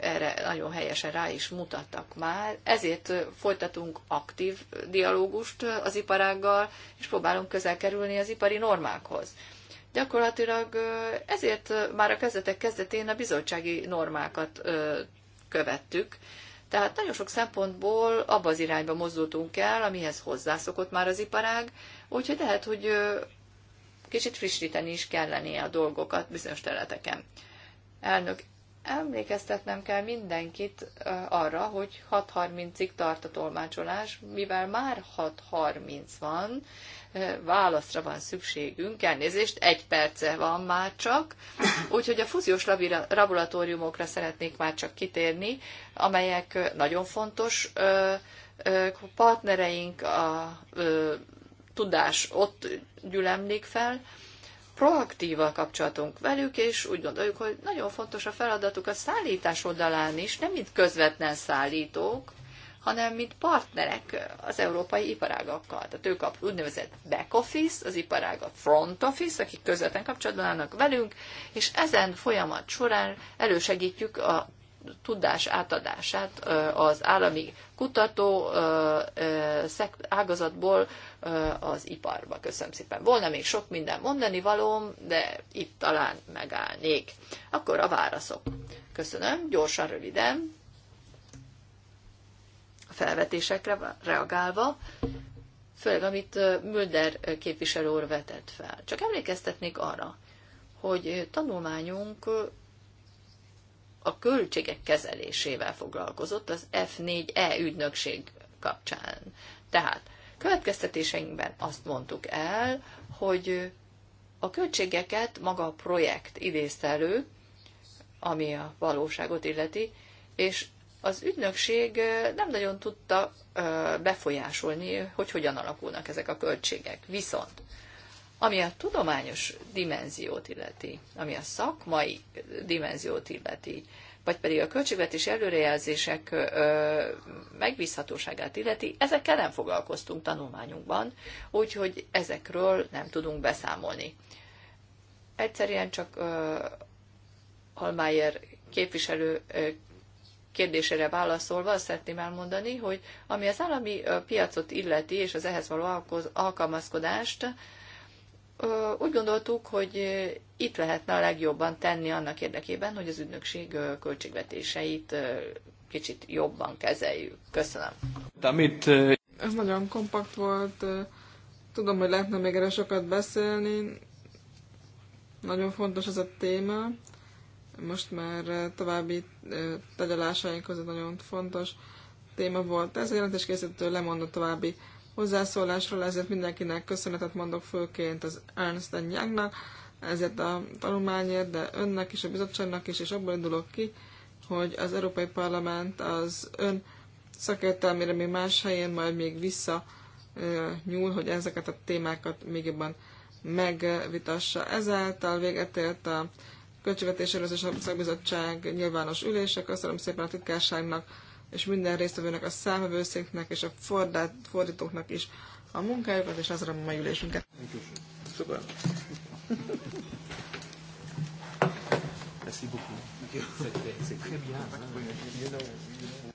erre nagyon helyesen rá is mutattak már, ezért folytatunk aktív dialógust az iparággal, és próbálunk közel kerülni az ipari normákhoz. Gyakorlatilag ezért már a kezdetek kezdetén a bizottsági normákat követtük, tehát nagyon sok szempontból abba az irányba mozdultunk el, amihez hozzászokott már az iparág, úgyhogy lehet, hogy kicsit frissíteni is kellene a dolgokat bizonyos területeken. Elnök, emlékeztetnem kell mindenkit arra, hogy 6.30-ig tart a tolmácsolás, mivel már 6.30 van, válaszra van szükségünk, elnézést, egy perce van már csak, úgyhogy a fúziós laboratóriumokra szeretnék már csak kitérni, amelyek nagyon fontos partnereink a tudás ott gyülemlik fel, proaktív a kapcsolatunk velük, és úgy gondoljuk, hogy nagyon fontos a feladatuk a szállítás oldalán is, nem mint közvetlen szállítók, hanem mint partnerek az európai iparágakkal. Tehát ők a úgynevezett back office, az iparág a front office, akik közvetlen kapcsolatban állnak velünk, és ezen folyamat során elősegítjük a tudás átadását az állami kutató ágazatból az iparba. Köszönöm szépen. Volna még sok minden mondani valóm, de itt talán megállnék. Akkor a válaszok. Köszönöm, gyorsan, röviden, a felvetésekre reagálva, főleg amit Mülder képviselő úr vetett fel. Csak emlékeztetnék arra, hogy tanulmányunk a költségek kezelésével foglalkozott az F4E ügynökség kapcsán. Tehát következtetéseinkben azt mondtuk el, hogy a költségeket maga a projekt idézte elő, ami a valóságot illeti, és az ügynökség nem nagyon tudta befolyásolni, hogy hogyan alakulnak ezek a költségek. Viszont ami a tudományos dimenziót illeti, ami a szakmai dimenziót illeti, vagy pedig a költségvetés előrejelzések ö, megbízhatóságát illeti, ezekkel nem foglalkoztunk tanulmányunkban, úgyhogy ezekről nem tudunk beszámolni. Egyszerűen csak ö, Halmájer képviselő ö, kérdésére válaszolva azt szeretném elmondani, hogy ami az állami piacot illeti, és az ehhez való alkalmazkodást, úgy gondoltuk, hogy itt lehetne a legjobban tenni annak érdekében, hogy az ügynökség költségvetéseit kicsit jobban kezeljük. Köszönöm. Amit... Ez nagyon kompakt volt. Tudom, hogy lehetne még erre sokat beszélni. Nagyon fontos ez a téma. Most már további között nagyon fontos téma volt. Ez a jelentéskészítő lemondott további hozzászólásról, ezért mindenkinek köszönetet mondok főként az Ernst Youngnak, ezért a tanulmányért, de önnek is, a bizottságnak is, és abból indulok ki, hogy az Európai Parlament az ön szakértelmére még más helyen majd még vissza nyúl, hogy ezeket a témákat még jobban megvitassa. Ezáltal véget ért a Költségvetés Előzős Szakbizottság nyilvános ülése. Köszönöm szépen a titkárságnak, és minden résztvevőnek, a számövőszéknek és a fordát, fordítóknak is a munkájukat, és azra a mai ülésünket. Köszönöm. Köszönöm.